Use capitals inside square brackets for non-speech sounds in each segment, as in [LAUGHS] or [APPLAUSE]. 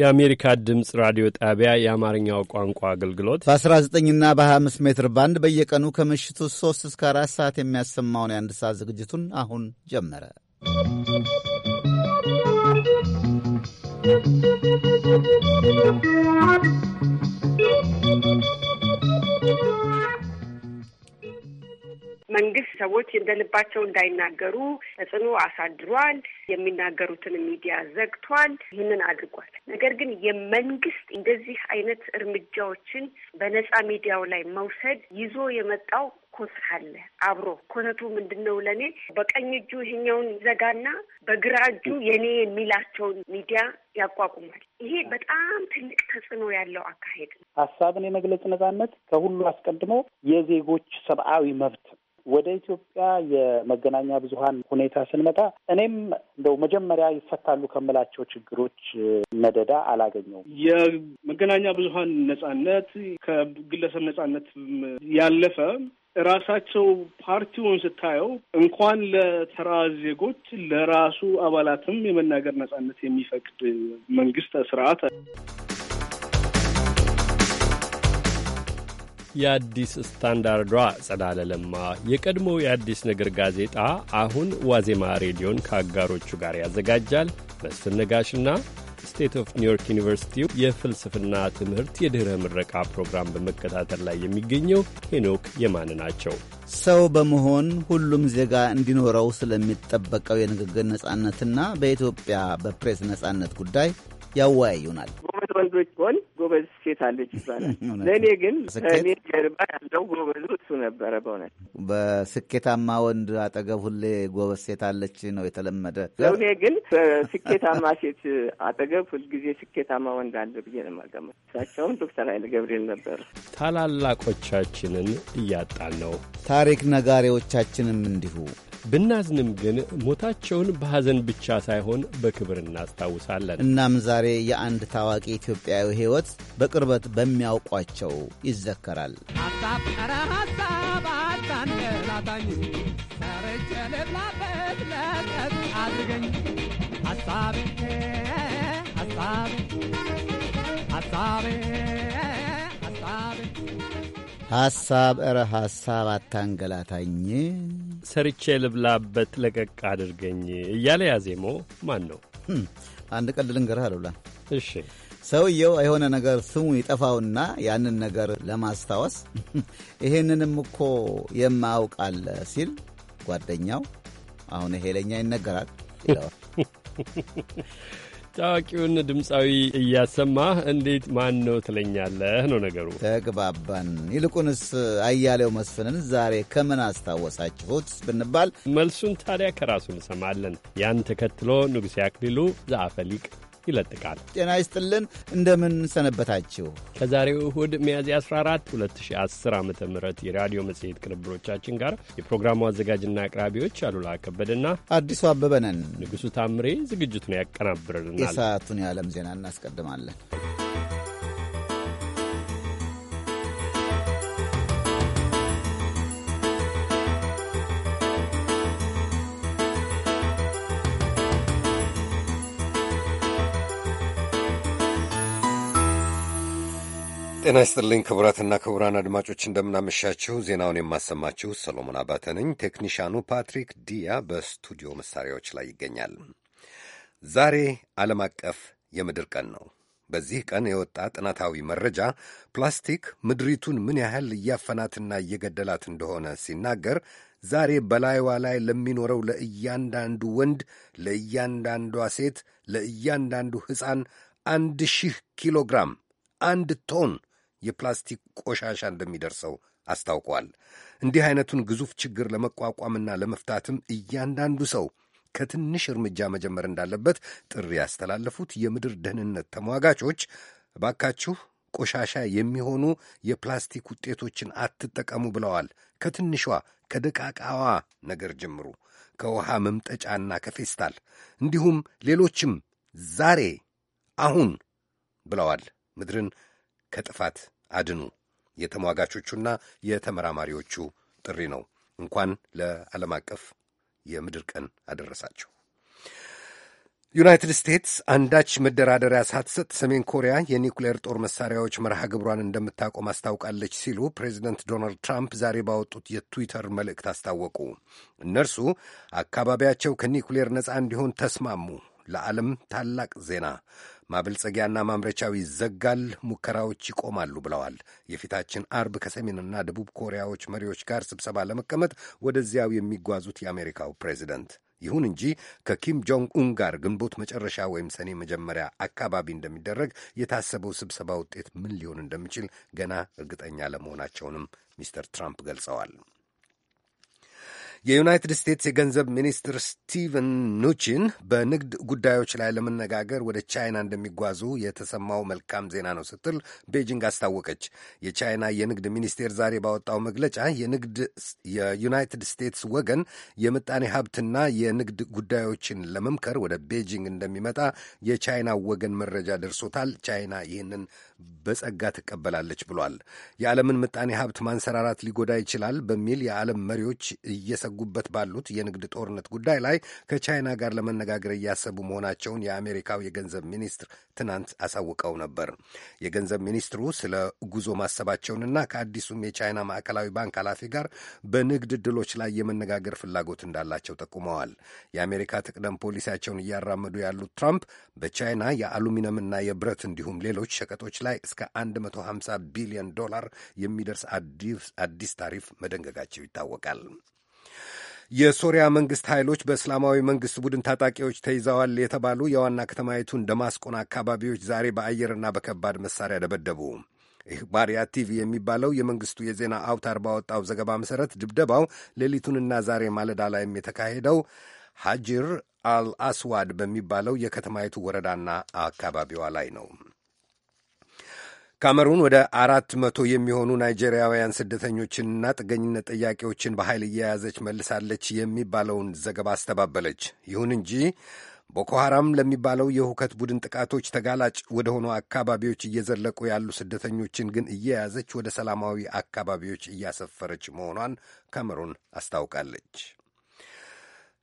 የአሜሪካ ድምፅ ራዲዮ ጣቢያ የአማርኛው ቋንቋ አገልግሎት በ19 ና በ25 ሜትር ባንድ በየቀኑ ከምሽቱ 3 እስከ 4 ሰዓት የሚያሰማውን የአንድ ሰዓት ዝግጅቱን አሁን ጀመረ። ¶¶ መንግስት ሰዎች እንደልባቸው እንዳይናገሩ ተጽዕኖ አሳድሯል። የሚናገሩትን ሚዲያ ዘግቷል። ይህንን አድርጓል። ነገር ግን የመንግስት እንደዚህ አይነት እርምጃዎችን በነጻ ሚዲያው ላይ መውሰድ ይዞ የመጣው ኮት አለ አብሮ ኮተቱ ምንድን ነው? ለእኔ በቀኝ እጁ ይሄኛውን ይዘጋና በግራ እጁ የኔ የሚላቸውን ሚዲያ ያቋቁማል። ይሄ በጣም ትልቅ ተጽዕኖ ያለው አካሄድ ነው። ሀሳብን የመግለጽ ነጻነት ከሁሉ አስቀድሞ የዜጎች ሰብአዊ መብት ወደ ኢትዮጵያ የመገናኛ ብዙኃን ሁኔታ ስንመጣ እኔም እንደው መጀመሪያ ይፈታሉ ከምላቸው ችግሮች መደዳ አላገኘውም። የመገናኛ ብዙኃን ነጻነት ከግለሰብ ነጻነት ያለፈ ራሳቸው ፓርቲውን ስታየው እንኳን ለተራ ዜጎች ለራሱ አባላትም የመናገር ነጻነት የሚፈቅድ መንግስት ስርዓት የአዲስ ስታንዳርዷ ጸዳለ ለማ የቀድሞ የአዲስ ነገር ጋዜጣ አሁን ዋዜማ ሬዲዮን ከአጋሮቹ ጋር ያዘጋጃል። መስፍን ነጋሽና ስቴት ኦፍ ኒውዮርክ ዩኒቨርሲቲው የፍልስፍና ትምህርት የድኅረ ምረቃ ፕሮግራም በመከታተል ላይ የሚገኘው ሄኖክ የማን ናቸው። ሰው በመሆን ሁሉም ዜጋ እንዲኖረው ስለሚጠበቀው የንግግር ነጻነትና በኢትዮጵያ በፕሬስ ነጻነት ጉዳይ ያወያዩናል። ከወንዶች ሆን ጎበዝ ሴት አለች ይባላል። [LAUGHS] ለእኔ ግን ከእኔ ጀርባ ያለው ጎበዙ እሱ ነበረ። በእውነት በስኬታማ ወንድ አጠገብ ሁሌ ጎበዝ ሴት አለች ነው የተለመደ። ለእኔ ግን በስኬታማ ሴት አጠገብ ሁልጊዜ ስኬታማ ወንድ አለ ብዬ ነው የማገመው። እሳቸውም ዶክተር ኃይለ ገብርኤል ነበሩ። ታላላቆቻችንን እያጣን ነው። ታሪክ ነጋሪዎቻችንም እንዲሁ ብናዝንም ግን ሞታቸውን በሐዘን ብቻ ሳይሆን በክብር እናስታውሳለን። እናም ዛሬ የአንድ ታዋቂ ኢትዮጵያዊ ሕይወት በቅርበት በሚያውቋቸው ይዘከራል። ሀሳቤ ሐሳብ እረ ሐሳብ አታንገላታኝ ሰርቼ ልብላበት ለቀቅ አድርገኝ እያለ ያዜሞ ማን ነው? አንድ ቀልድ ልንገርህ አሉላ። እሺ ሰውየው የሆነ ነገር ስሙ ይጠፋውና ያንን ነገር ለማስታወስ [LAUGHS] ይሄንንም እኮ የማያውቃለ ሲል ጓደኛው አሁን ይሄ ለኛ ይነገራል ይለዋል። [LAUGHS] ታዋቂውን ድምፃዊ እያሰማህ እንዴት ማን ነው ትለኛለህ ነው ነገሩ። ተግባባን። ይልቁንስ አያሌው መስፍንን ዛሬ ከምን አስታወሳችሁት ብንባል መልሱን ታዲያ ከራሱ እንሰማለን። ያን ተከትሎ ንጉሴ አክሊሉ ዘአፈሊቅ ይለጥቃል። ጤና ይስጥልን። እንደምን ሰነበታችሁ? ከዛሬው እሁድ ሚያዝያ 14 2010 ዓ ም የራዲዮ መጽሔት ቅንብሮቻችን ጋር የፕሮግራሙ አዘጋጅና አቅራቢዎች አሉላ ከበደና አዲሱ አበበ ነን። ንጉሡ ታምሬ ዝግጅቱን ያቀናብርልናል። የሰዓቱን የዓለም ዜና እናስቀድማለን። ጤና ይስጥልኝ ክቡራትና ክቡራን አድማጮች እንደምናመሻችሁ። ዜናውን የማሰማችሁ ሰሎሞን አባተ ነኝ። ቴክኒሻኑ ፓትሪክ ዲያ በስቱዲዮ መሳሪያዎች ላይ ይገኛል። ዛሬ ዓለም አቀፍ የምድር ቀን ነው። በዚህ ቀን የወጣ ጥናታዊ መረጃ ፕላስቲክ ምድሪቱን ምን ያህል እያፈናትና እየገደላት እንደሆነ ሲናገር ዛሬ በላይዋ ላይ ለሚኖረው ለእያንዳንዱ ወንድ፣ ለእያንዳንዷ ሴት፣ ለእያንዳንዱ ሕፃን አንድ ሺህ ኪሎ ግራም አንድ ቶን የፕላስቲክ ቆሻሻ እንደሚደርሰው አስታውቋል። እንዲህ አይነቱን ግዙፍ ችግር ለመቋቋምና ለመፍታትም እያንዳንዱ ሰው ከትንሽ እርምጃ መጀመር እንዳለበት ጥሪ ያስተላለፉት የምድር ደህንነት ተሟጋቾች እባካችሁ ቆሻሻ የሚሆኑ የፕላስቲክ ውጤቶችን አትጠቀሙ ብለዋል። ከትንሿ ከደቃቃዋ ነገር ጀምሩ፣ ከውሃ መምጠጫና ከፌስታል እንዲሁም ሌሎችም ዛሬ አሁን ብለዋል። ምድርን ከጥፋት አድኑ የተሟጋቾቹና የተመራማሪዎቹ ጥሪ ነው። እንኳን ለዓለም አቀፍ የምድር ቀን አደረሳችሁ። ዩናይትድ ስቴትስ አንዳች መደራደሪያ ሳትሰጥ ሰሜን ኮሪያ የኒውክሌር ጦር መሳሪያዎች መርሃ ግብሯን እንደምታቆም አስታውቃለች ሲሉ ፕሬዚደንት ዶናልድ ትራምፕ ዛሬ ባወጡት የትዊተር መልእክት አስታወቁ። እነርሱ አካባቢያቸው ከኒውክሌር ነፃ እንዲሆን ተስማሙ። ለዓለም ታላቅ ዜና ማበልጸጊያና ማምረቻው ይዘጋል፣ ሙከራዎች ይቆማሉ ብለዋል። የፊታችን አርብ ከሰሜንና ደቡብ ኮሪያዎች መሪዎች ጋር ስብሰባ ለመቀመጥ ወደዚያው የሚጓዙት የአሜሪካው ፕሬዚደንት። ይሁን እንጂ ከኪም ጆንግ ኡን ጋር ግንቦት መጨረሻ ወይም ሰኔ መጀመሪያ አካባቢ እንደሚደረግ የታሰበው ስብሰባ ውጤት ምን ሊሆን እንደሚችል ገና እርግጠኛ ለመሆናቸውንም ሚስተር ትራምፕ ገልጸዋል። የዩናይትድ ስቴትስ የገንዘብ ሚኒስትር ስቲቨን ኑቺን በንግድ ጉዳዮች ላይ ለመነጋገር ወደ ቻይና እንደሚጓዙ የተሰማው መልካም ዜና ነው ስትል ቤጂንግ አስታወቀች። የቻይና የንግድ ሚኒስቴር ዛሬ ባወጣው መግለጫ የንግድ የዩናይትድ ስቴትስ ወገን የምጣኔ ሀብትና የንግድ ጉዳዮችን ለመምከር ወደ ቤጂንግ እንደሚመጣ የቻይና ወገን መረጃ ደርሶታል። ቻይና ይህንን በጸጋ ትቀበላለች ብሏል። የዓለምን ምጣኔ ሀብት ማንሰራራት ሊጎዳ ይችላል በሚል የዓለም መሪዎች እየሰጉበት ባሉት የንግድ ጦርነት ጉዳይ ላይ ከቻይና ጋር ለመነጋገር እያሰቡ መሆናቸውን የአሜሪካው የገንዘብ ሚኒስትር ትናንት አሳውቀው ነበር። የገንዘብ ሚኒስትሩ ስለ ጉዞ ማሰባቸውንና ከአዲሱም የቻይና ማዕከላዊ ባንክ ኃላፊ ጋር በንግድ ዕድሎች ላይ የመነጋገር ፍላጎት እንዳላቸው ጠቁመዋል። የአሜሪካ ትቅደም ፖሊሲያቸውን እያራመዱ ያሉት ትራምፕ በቻይና የአሉሚኒየምና የብረት እንዲሁም ሌሎች ሸቀጦች ላይ ላይ እስከ 150 ቢሊዮን ዶላር የሚደርስ አዲስ ታሪፍ መደንገጋቸው ይታወቃል። የሶሪያ መንግስት ኃይሎች በእስላማዊ መንግስት ቡድን ታጣቂዎች ተይዘዋል የተባሉ የዋና ከተማይቱን ደማስቆን አካባቢዎች ዛሬ በአየርና በከባድ መሳሪያ ደበደቡ። ኢህባሪያ ቲቪ የሚባለው የመንግስቱ የዜና አውታር ባወጣው ዘገባ መሠረት ድብደባው ሌሊቱንና ዛሬ ማለዳ ላይም የተካሄደው ሐጅር አልአስዋድ በሚባለው የከተማይቱ ወረዳና አካባቢዋ ላይ ነው። ካሜሩን ወደ አራት መቶ የሚሆኑ ናይጄሪያውያን ስደተኞችንና ጥገኝነት ጥያቄዎችን በኃይል እየያዘች መልሳለች የሚባለውን ዘገባ አስተባበለች። ይሁን እንጂ ቦኮ ሐራም ለሚባለው የሁከት ቡድን ጥቃቶች ተጋላጭ ወደ ሆኑ አካባቢዎች እየዘለቁ ያሉ ስደተኞችን ግን እየያዘች ወደ ሰላማዊ አካባቢዎች እያሰፈረች መሆኗን ካሜሩን አስታውቃለች።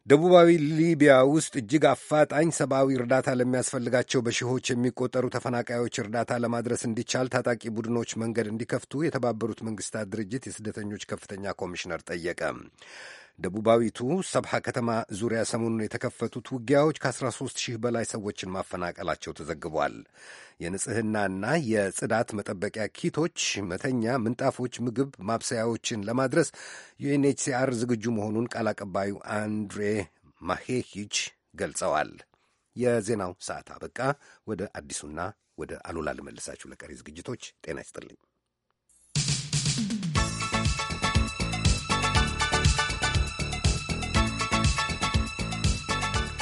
ደቡባዊ ሊቢያ ውስጥ እጅግ አፋጣኝ ሰብአዊ እርዳታ ለሚያስፈልጋቸው በሺዎች የሚቆጠሩ ተፈናቃዮች እርዳታ ለማድረስ እንዲቻል ታጣቂ ቡድኖች መንገድ እንዲከፍቱ የተባበሩት መንግስታት ድርጅት የስደተኞች ከፍተኛ ኮሚሽነር ጠየቀ። ደቡባዊቱ ሰብሓ ከተማ ዙሪያ ሰሞኑን የተከፈቱት ውጊያዎች ከ13 ሺህ በላይ ሰዎችን ማፈናቀላቸው ተዘግቧል። የንጽህናና የጽዳት መጠበቂያ ኪቶች፣ መተኛ ምንጣፎች፣ ምግብ ማብሰያዎችን ለማድረስ ዩኤንኤችሲአር ዝግጁ መሆኑን ቃል አቀባዩ አንድሬ ማሄሂች ገልጸዋል። የዜናው ሰዓት አበቃ። ወደ አዲሱና ወደ አሉላ ልመልሳችሁ። ለቀሪ ዝግጅቶች ጤና ይስጥልኝ።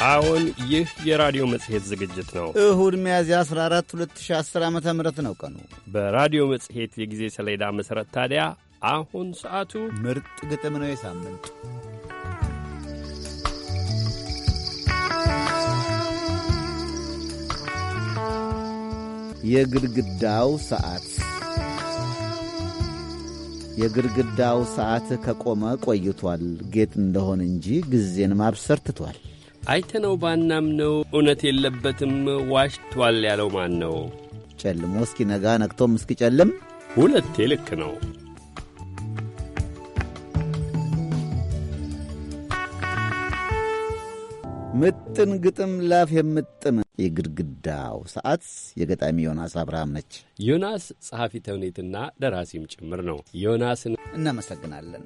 አሁን ይህ የራዲዮ መጽሔት ዝግጅት ነው። እሁድ ሚያዝያ 14 2010 ዓ ም ነው ቀኑ። በራዲዮ መጽሔት የጊዜ ሰሌዳ መሠረት ታዲያ አሁን ሰዓቱ ምርጥ ግጥም ነው። የሳምንት የግድግዳው ሰዓት የግድግዳው ሰዓት ከቆመ ቆይቷል። ጌጥ እንደሆን እንጂ ጊዜን ማብሰር ትቷል። አይተነው ባናምነው እውነት የለበትም ዋሽቷል ያለው ማን ነው? ጨልሞ እስኪነጋ ነግቶም እስኪጨልም ሁለቴ ልክ ነው። ምጥን ግጥም ላፍ የምጥም የግድግዳው ሰዓት የገጣሚ ዮናስ አብርሃም ነች። ዮናስ ጸሐፊ ተውኔትና ደራሲም ጭምር ነው። ዮናስን እናመሰግናለን።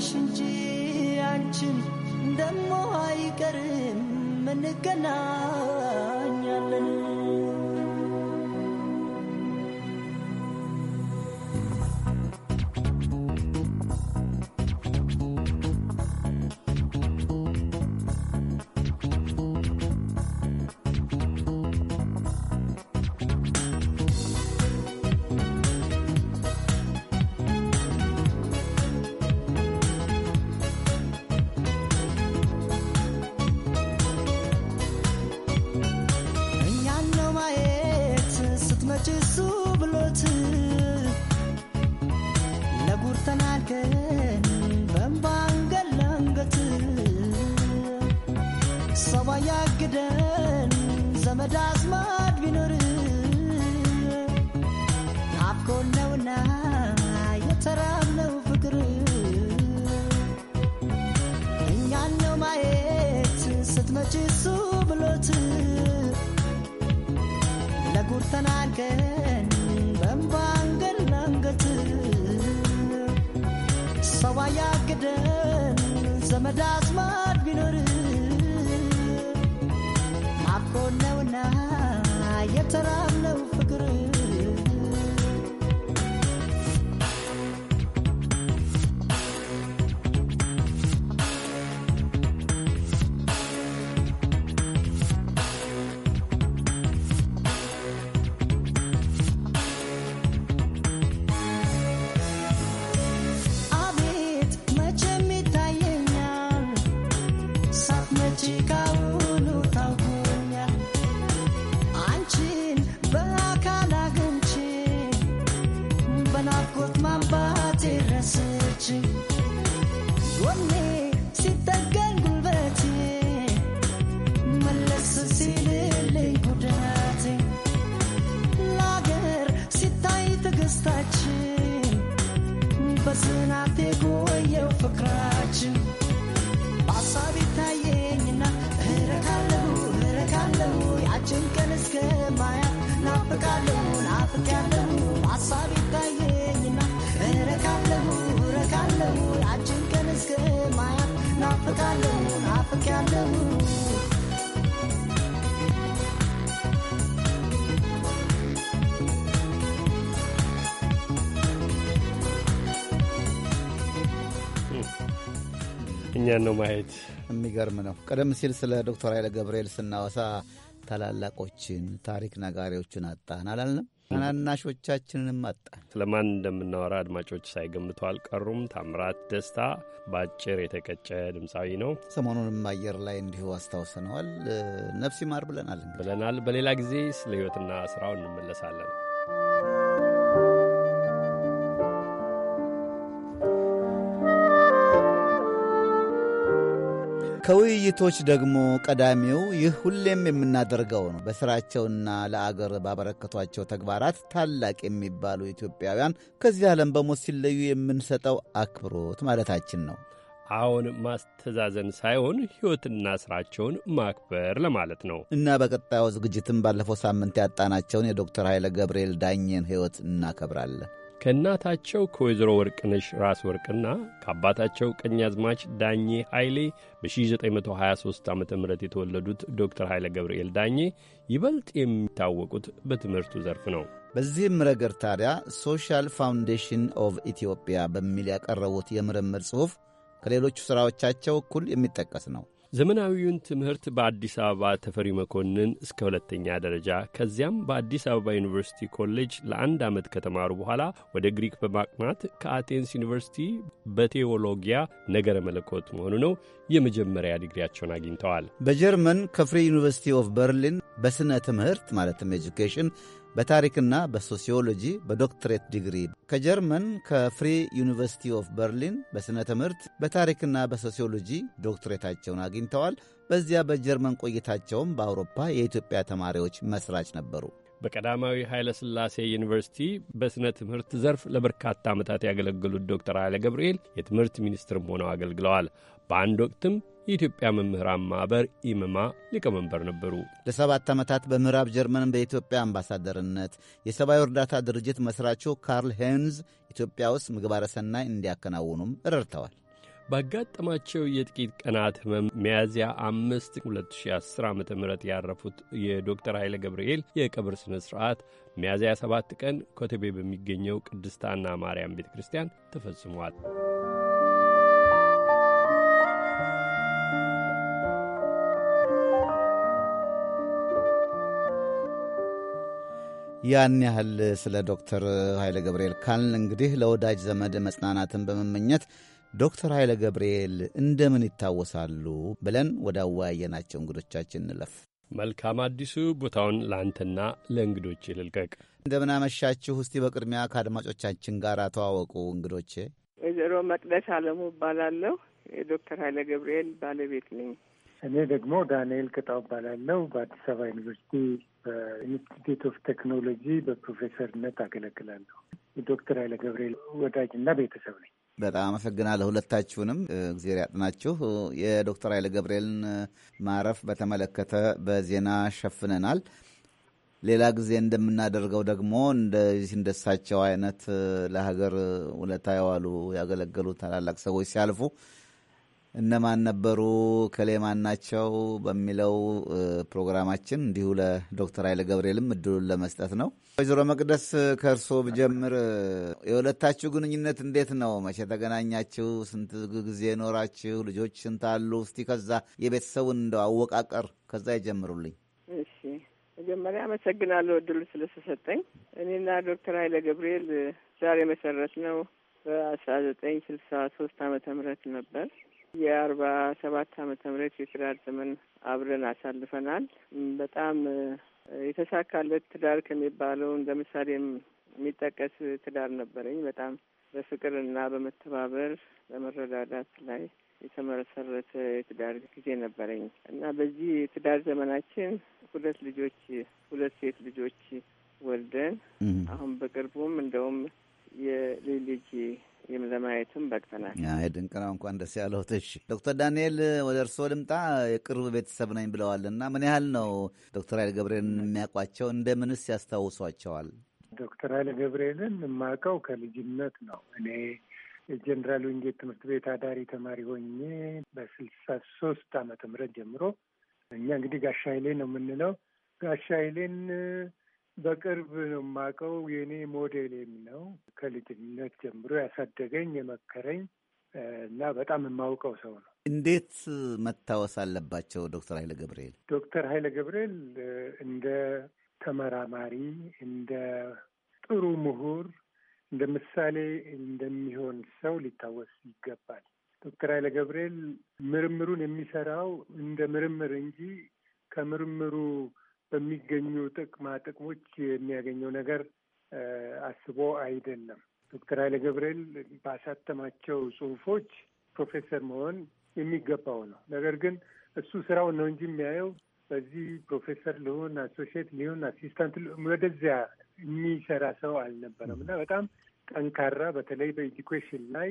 ራሽ እንጂ አንቺም ደሞ አይቀርም ምንገና እኛን ነው ማየት። የሚገርም ነው። ቀደም ሲል ስለ ዶክተር ኃይለ ገብርኤል ስናወሳ ታላላቆችን ታሪክ ነጋሪዎችን አጣን አላልንም? ታናናሾቻችንንም አጣን። ስለማን እንደምናወራ አድማጮች ሳይገምቱ አልቀሩም። ታምራት ደስታ በአጭር የተቀጨ ድምፃዊ ነው። ሰሞኑንም አየር ላይ እንዲሁ አስታውሰነዋል። ነፍስ ይማር ብለናል ብለናል። በሌላ ጊዜ ስለ ሕይወትና ስራው እንመለሳለን። ከውይይቶች ደግሞ ቀዳሚው ይህ ሁሌም የምናደርገው ነው። በሥራቸውና ለአገር ባበረከቷቸው ተግባራት ታላቅ የሚባሉ ኢትዮጵያውያን ከዚህ ዓለም በሞት ሲለዩ የምንሰጠው አክብሮት ማለታችን ነው። አሁን ማስተዛዘን ሳይሆን ሕይወትና ሥራቸውን ማክበር ለማለት ነው እና በቀጣዩ ዝግጅትም ባለፈው ሳምንት ያጣናቸውን የዶክተር ኃይለ ገብርኤል ዳኘን ሕይወት እናከብራለን። ከእናታቸው ከወይዘሮ ወርቅነሽ ራስ ወርቅና ከአባታቸው ቀኝ አዝማች ዳኜ ኃይሌ በ1923 ዓ ም የተወለዱት ዶክተር ኃይለ ገብርኤል ዳኜ ይበልጥ የሚታወቁት በትምህርቱ ዘርፍ ነው። በዚህም ረገድ ታዲያ ሶሻል ፋውንዴሽን ኦፍ ኢትዮጵያ በሚል ያቀረቡት የምርምር ጽሑፍ ከሌሎቹ ሥራዎቻቸው እኩል የሚጠቀስ ነው። ዘመናዊውን ትምህርት በአዲስ አበባ ተፈሪ መኮንን እስከ ሁለተኛ ደረጃ ከዚያም በአዲስ አበባ ዩኒቨርሲቲ ኮሌጅ ለአንድ ዓመት ከተማሩ በኋላ ወደ ግሪክ በማቅናት ከአቴንስ ዩኒቨርሲቲ በቴዎሎጊያ ነገረ መለኮት መሆኑ ነው የመጀመሪያ ዲግሪያቸውን አግኝተዋል። በጀርመን ከፍሪ ዩኒቨርሲቲ ኦፍ በርሊን በሥነ ትምህርት ማለትም ኤጁኬሽን በታሪክና በሶሲዮሎጂ በዶክትሬት ዲግሪ ከጀርመን ከፍሪ ዩኒቨርሲቲ ኦፍ በርሊን በሥነ ትምህርት በታሪክና በሶሲዮሎጂ ዶክትሬታቸውን አግኝተዋል። በዚያ በጀርመን ቆይታቸውም በአውሮፓ የኢትዮጵያ ተማሪዎች መስራች ነበሩ። በቀዳማዊ ኃይለ ሥላሴ ዩኒቨርሲቲ በሥነ ትምህርት ዘርፍ ለበርካታ ዓመታት ያገለገሉት ዶክተር ኃይለ ገብርኤል የትምህርት ሚኒስትርም ሆነው አገልግለዋል። በአንድ ወቅትም የኢትዮጵያ መምህራን ማኅበር ኢመማ ሊቀመንበር ነበሩ። ለሰባት ዓመታት በምዕራብ ጀርመን በኢትዮጵያ አምባሳደርነት የሰብአዊ እርዳታ ድርጅት መሥራቹ ካርል ሄንዝ ኢትዮጵያ ውስጥ ምግባረ ሰናይ እንዲያከናውኑም ረድተዋል። ባጋጠማቸው የጥቂት ቀናት ህመም ሚያዝያ አምስት 2010 ዓ ም ያረፉት የዶክተር ኃይለ ገብርኤል የቀብር ሥነ ሥርዓት ሚያዝያ ሰባት ቀን ኮተቤ በሚገኘው ቅድስታና ማርያም ቤተ ክርስቲያን ተፈጽሟል። ያን ያህል ስለ ዶክተር ኃይለ ገብርኤል ካልን እንግዲህ ለወዳጅ ዘመድ መጽናናትን በመመኘት ዶክተር ኃይለ ገብርኤል እንደምን ይታወሳሉ ብለን ወደ አወያየናቸው እንግዶቻችን እንለፍ። መልካም አዲሱ፣ ቦታውን ለአንተና ለእንግዶች ልልቀቅ። እንደምናመሻችሁ። እስቲ በቅድሚያ ከአድማጮቻችን ጋር ተዋወቁ እንግዶቼ። ወይዘሮ መቅደስ አለሙ እባላለሁ። የዶክተር ኃይለ ገብርኤል ባለቤት ነኝ። እኔ ደግሞ ዳንኤል ቅጣው እባላለሁ። በአዲስ አበባ ዩኒቨርሲቲ በኢንስቲትዩት ኦፍ ቴክኖሎጂ በፕሮፌሰርነት አገለግላለሁ። ዶክተር ኃይለ ገብርኤል ወዳጅና ቤተሰብ ነኝ። በጣም አመሰግናለሁ ሁለታችሁንም፣ እግዜር ያጥናችሁ። የዶክተር ኃይለ ገብርኤልን ማረፍ በተመለከተ በዜና ሸፍነናል። ሌላ ጊዜ እንደምናደርገው ደግሞ እንደዚህ እንደሳቸው አይነት ለሀገር ውለታ የዋሉ ያገለገሉ ታላላቅ ሰዎች ሲያልፉ እነማን ነበሩ ከሌማን ናቸው በሚለው ፕሮግራማችን እንዲሁ ለዶክተር ኃይለ ገብርኤልም እድሉን ለመስጠት ነው። ወይዘሮ መቅደስ ከእርሶ ብጀምር የሁለታችሁ ግንኙነት እንዴት ነው? መቼ ተገናኛችሁ? ስንት ጊዜ ኖራችሁ? ልጆች ስንት አሉ? እስቲ ከዛ የቤተሰቡን እንደው አወቃቀር ከዛ ይጀምሩልኝ። እሺ፣ መጀመሪያ አመሰግናለሁ እድሉ ስለተሰጠኝ። እኔና ዶክተር ኃይለ ገብርኤል ዛሬ መሰረት ነው በአስራ ዘጠኝ ስልሳ ሶስት አመተ ምህረት ነበር የአርባ ሰባት አመተ ምህረት የትዳር ዘመን አብረን አሳልፈናል። በጣም የተሳካለት ትዳር ከሚባለው እንደ ምሳሌ የሚጠቀስ ትዳር ነበረኝ። በጣም በፍቅር በመተባበር በመረዳዳት ላይ የተመሰረተ የትዳር ጊዜ ነበረኝ እና በዚህ የትዳር ዘመናችን ሁለት ልጆች ድንቅናው እንኳን ደስ ያለሁት። እሺ ዶክተር ዳንኤል ወደ እርስዎ ልምጣ። የቅርብ ቤተሰብ ነኝ ብለዋል እና ምን ያህል ነው ዶክተር ኃይለ ገብርኤልን የሚያውቋቸው? እንደምንስ ያስታውሷቸዋል? ዶክተር ኃይለ ገብርኤልን የማውቀው ከልጅነት ነው። እኔ የጀኔራል ዊንጌት ትምህርት ቤት አዳሪ ተማሪ ሆኜ በስልሳ ሶስት ዓመተ ምህረት ጀምሮ እኛ እንግዲህ ጋሻ ኃይሌ ነው የምንለው። ጋሻ ኃይሌን በቅርብ ነው የማውቀው። የእኔ ሞዴሌም ነው። ከልጅነት ጀምሮ ያሳደገኝ የመከረኝ እና በጣም የማውቀው ሰው ነው። እንዴት መታወስ አለባቸው ዶክተር ኃይለ ገብርኤል? ዶክተር ኃይለ ገብርኤል እንደ ተመራማሪ፣ እንደ ጥሩ ምሁር፣ እንደ ምሳሌ እንደሚሆን ሰው ሊታወስ ይገባል። ዶክተር ኃይለ ገብርኤል ምርምሩን የሚሰራው እንደ ምርምር እንጂ ከምርምሩ በሚገኙ ጥቅማ ጥቅሞች የሚያገኘው ነገር አስቦ አይደለም። ዶክተር ኃይለ ገብርኤል ባሳተማቸው ጽሁፎች ፕሮፌሰር መሆን የሚገባው ነው። ነገር ግን እሱ ስራውን ነው እንጂ የሚያየው በዚህ ፕሮፌሰር ልሆን አሶሺየት ሊሆን አሲስታንት ወደዚያ የሚሰራ ሰው አልነበረም እና በጣም ጠንካራ በተለይ በኢዱኬሽን ላይ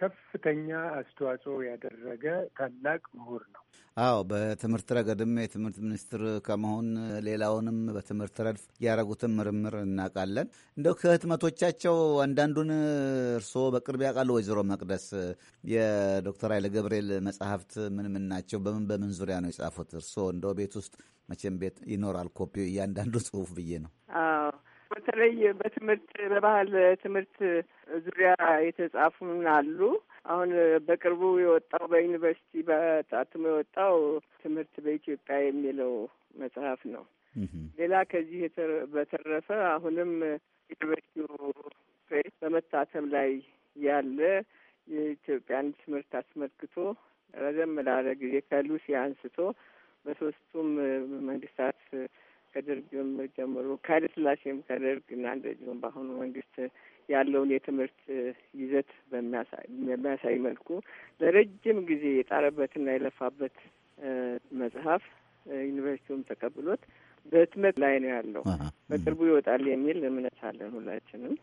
ከፍተኛ አስተዋጽኦ ያደረገ ታላቅ ምሁር ነው። አዎ በትምህርት ረገድም የትምህርት ሚኒስትር ከመሆን ሌላውንም በትምህርት ረድፍ ያደረጉትን ምርምር እናውቃለን። እንደው ከህትመቶቻቸው አንዳንዱን እርስዎ በቅርብ ያውቃሉ? ወይዘሮ መቅደስ የዶክተር ኃይለ ገብርኤል መጽሐፍት ምን ምን ናቸው? በምን በምን ዙሪያ ነው የጻፉት? እርስዎ እንደው ቤት ውስጥ መቼም ቤት ይኖራል ኮፒው እያንዳንዱ ጽሁፍ ብዬ ነው። በተለይ በትምህርት በባህል ትምህርት ዙሪያ የተጻፉን አሉ። አሁን በቅርቡ የወጣው በዩኒቨርሲቲ በታትሞ የወጣው ትምህርት በኢትዮጵያ የሚለው መጽሐፍ ነው። ሌላ ከዚህ በተረፈ አሁንም ዩኒቨርሲቲው ፕሬስ በመታተም ላይ ያለ የኢትዮጵያን ትምህርት አስመልክቶ ረዘም ላለ ጊዜ ከሉሲ አንስቶ በሶስቱም መንግስታት ከደርግም ጀምሮ ኃይለ ሥላሴም ከደርግ እና እንደዚሁም በአሁኑ መንግስት ያለውን የትምህርት ይዘት በሚያሳይ መልኩ ለረጅም ጊዜ የጣረበትና የለፋበት መጽሐፍ ዩኒቨርሲቲውም ተቀብሎት በህትመት ላይ ነው ያለው። በቅርቡ ይወጣል የሚል እምነት አለን ሁላችንም።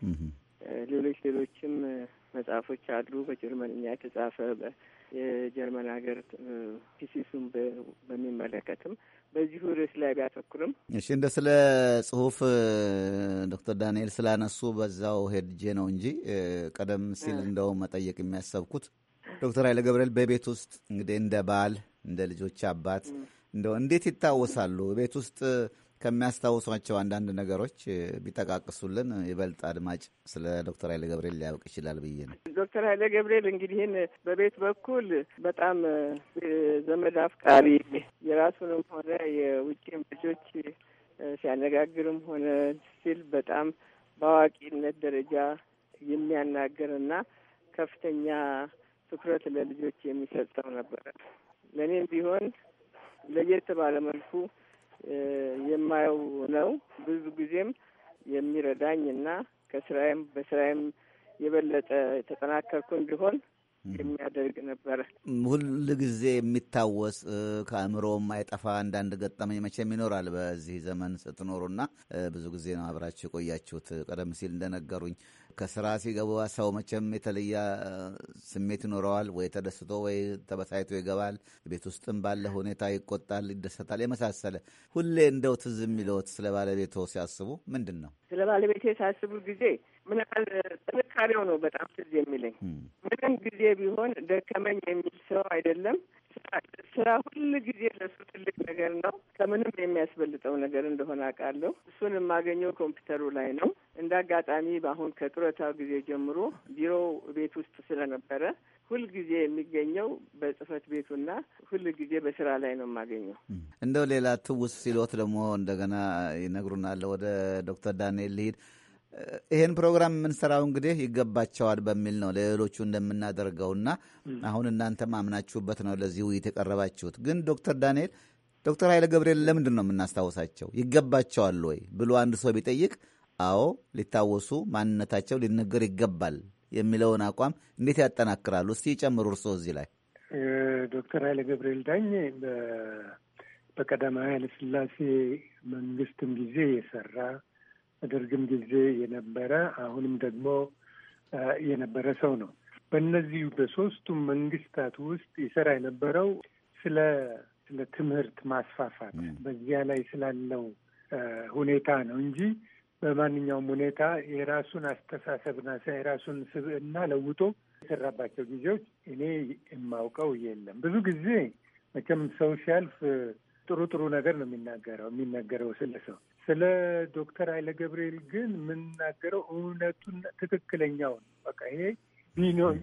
ሌሎች ሌሎችም መጽሐፎች አሉ። በጀርመንኛ የተጻፈ የጀርመን ሀገር ፒሲሱን በሚመለከትም በዚሁ ርዕስ ላይ ቢያተኩርም። እሺ እንደ ስለ ጽሁፍ ዶክተር ዳንኤል ስላነሱ በዛው ሄድጄ ነው እንጂ ቀደም ሲል እንደው መጠየቅ የሚያሰብኩት ዶክተር ኃይለ ገብርኤል በቤት ውስጥ እንግዲህ እንደ ባል እንደ ልጆች አባት እንደው እንዴት ይታወሳሉ? ቤት ውስጥ ከሚያስታውሷቸው አንዳንድ ነገሮች ቢጠቃቅሱልን ይበልጥ አድማጭ ስለ ዶክተር ኃይለ ገብርኤል ሊያውቅ ይችላል ብዬ ነው። ዶክተር ኃይለ ገብርኤል እንግዲህን በቤት በኩል በጣም ዘመድ አፍቃሪ የራሱንም ሆነ የውጭም ልጆች ሲያነጋግርም ሆነ ሲል በጣም በአዋቂነት ደረጃ የሚያናግርና ከፍተኛ ትኩረት ለልጆች የሚሰጠው ነበረ። ለእኔም ቢሆን ለየት ባለመልኩ የማየው ነው። ብዙ ጊዜም የሚረዳኝ እና ከስራዬም በስራዬም የበለጠ የተጠናከርኩ እንዲሆን የሚያደርግ ነበረ። ሁል ጊዜ የሚታወስ ከአእምሮ የማይጠፋ አንዳንድ ገጠመኝ መቼም ይኖራል። በዚህ ዘመን ስትኖሩና ብዙ ጊዜ ነው አብራችሁ የቆያችሁት። ቀደም ሲል እንደነገሩኝ ከስራ ሲገባ ሰው መቼም የተለየ ስሜት ይኖረዋል። ወይ ተደስቶ ወይ ተበሳይቶ ይገባል። ቤት ውስጥም ባለ ሁኔታ ይቆጣል፣ ይደሰታል፣ የመሳሰለ ሁሌ እንደው ትዝ የሚለዎት ስለ ባለቤቶ ሲያስቡ ምንድን ነው? ስለ ባለቤቴ ሳስቡ ጊዜ ምን ያህል ጥንካሬው ነው በጣም ትዝ የሚለኝ። ምንም ጊዜ ቢሆን ደከመኝ የሚል ሰው አይደለም። ስራ ሁል ጊዜ ለሱ ትልቅ ነገር ነው፣ ከምንም የሚያስበልጠው ነገር እንደሆነ አውቃለሁ። እሱን የማገኘው ኮምፒውተሩ ላይ ነው። እንደ አጋጣሚ በአሁን ከጡረታው ጊዜ ጀምሮ ቢሮው ቤት ውስጥ ስለነበረ ሁል ጊዜ የሚገኘው በጽህፈት ቤቱና ጊዜ በስራ ላይ ነው የማገኘው። እንደው ሌላ ትውስ ሲሎት ደግሞ እንደገና ይነግሩናል። ወደ ዶክተር ዳንኤል ልሂድ። ይሄን ፕሮግራም የምንሰራው እንግዲህ ይገባቸዋል በሚል ነው ለሌሎቹ እንደምናደርገውና አሁን እናንተም አምናችሁበት ነው ለዚህ ውይይት የቀረባችሁት። ግን ዶክተር ዳንኤል ዶክተር ኃይለ ገብርኤል ለምንድን ነው የምናስታውሳቸው? ይገባቸዋል ወይ ብሎ አንድ ሰው ቢጠይቅ አዎ ሊታወሱ ማንነታቸው ሊነገር ይገባል የሚለውን አቋም እንዴት ያጠናክራሉ? እስቲ ይጨምሩ እርስዎ እዚህ ላይ። ዶክተር ኃይለ ገብርኤል ዳኝ በቀዳማዊ ኃይለ ሥላሴ መንግስትም ጊዜ የሰራ በደርግም ጊዜ የነበረ አሁንም ደግሞ የነበረ ሰው ነው። በእነዚህ በሶስቱም መንግስታት ውስጥ ይሰራ የነበረው ስለ ስለ ትምህርት ማስፋፋት በዚያ ላይ ስላለው ሁኔታ ነው እንጂ በማንኛውም ሁኔታ የራሱን አስተሳሰብና የራሱን ስብዕና ለውጦ የሰራባቸው ጊዜዎች እኔ የማውቀው የለም። ብዙ ጊዜ መቼም ሰው ሲያልፍ ጥሩ ጥሩ ነገር ነው የሚናገረው የሚነገረው ስለ ሰው ስለ ዶክተር ኃይለ ገብርኤል ግን የምናገረው እውነቱን ትክክለኛውን በቃ ይሄ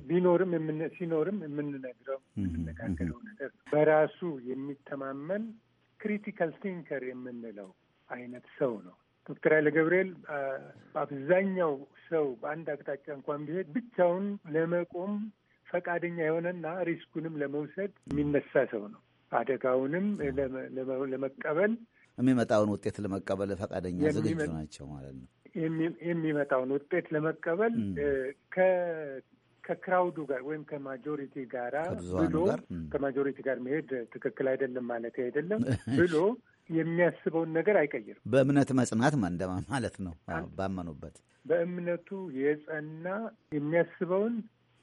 ቢኖርም ሲኖርም የምንነግረው የምንነጋገረው ነገር በራሱ የሚተማመን ክሪቲካል ቲንከር የምንለው አይነት ሰው ነው ዶክተር ኃይለ ገብርኤል። በአብዛኛው ሰው በአንድ አቅጣጫ እንኳን ቢሄድ ብቻውን ለመቆም ፈቃደኛ የሆነና ሪስኩንም ለመውሰድ የሚነሳ ሰው ነው። አደጋውንም ለመቀበል የሚመጣውን ውጤት ለመቀበል ፈቃደኛ ዝግጁ ናቸው ማለት ነው። የሚመጣውን ውጤት ለመቀበል ከክራውዱ ጋር ወይም ከማጆሪቲ ጋር ብሎ ከማጆሪቲ ጋር መሄድ ትክክል አይደለም ማለት አይደለም [LAUGHS] ብሎ የሚያስበውን ነገር አይቀይርም። በእምነት መጽናት ማንደማ ማለት ነው። ባመኑበት በእምነቱ የጸና የሚያስበውን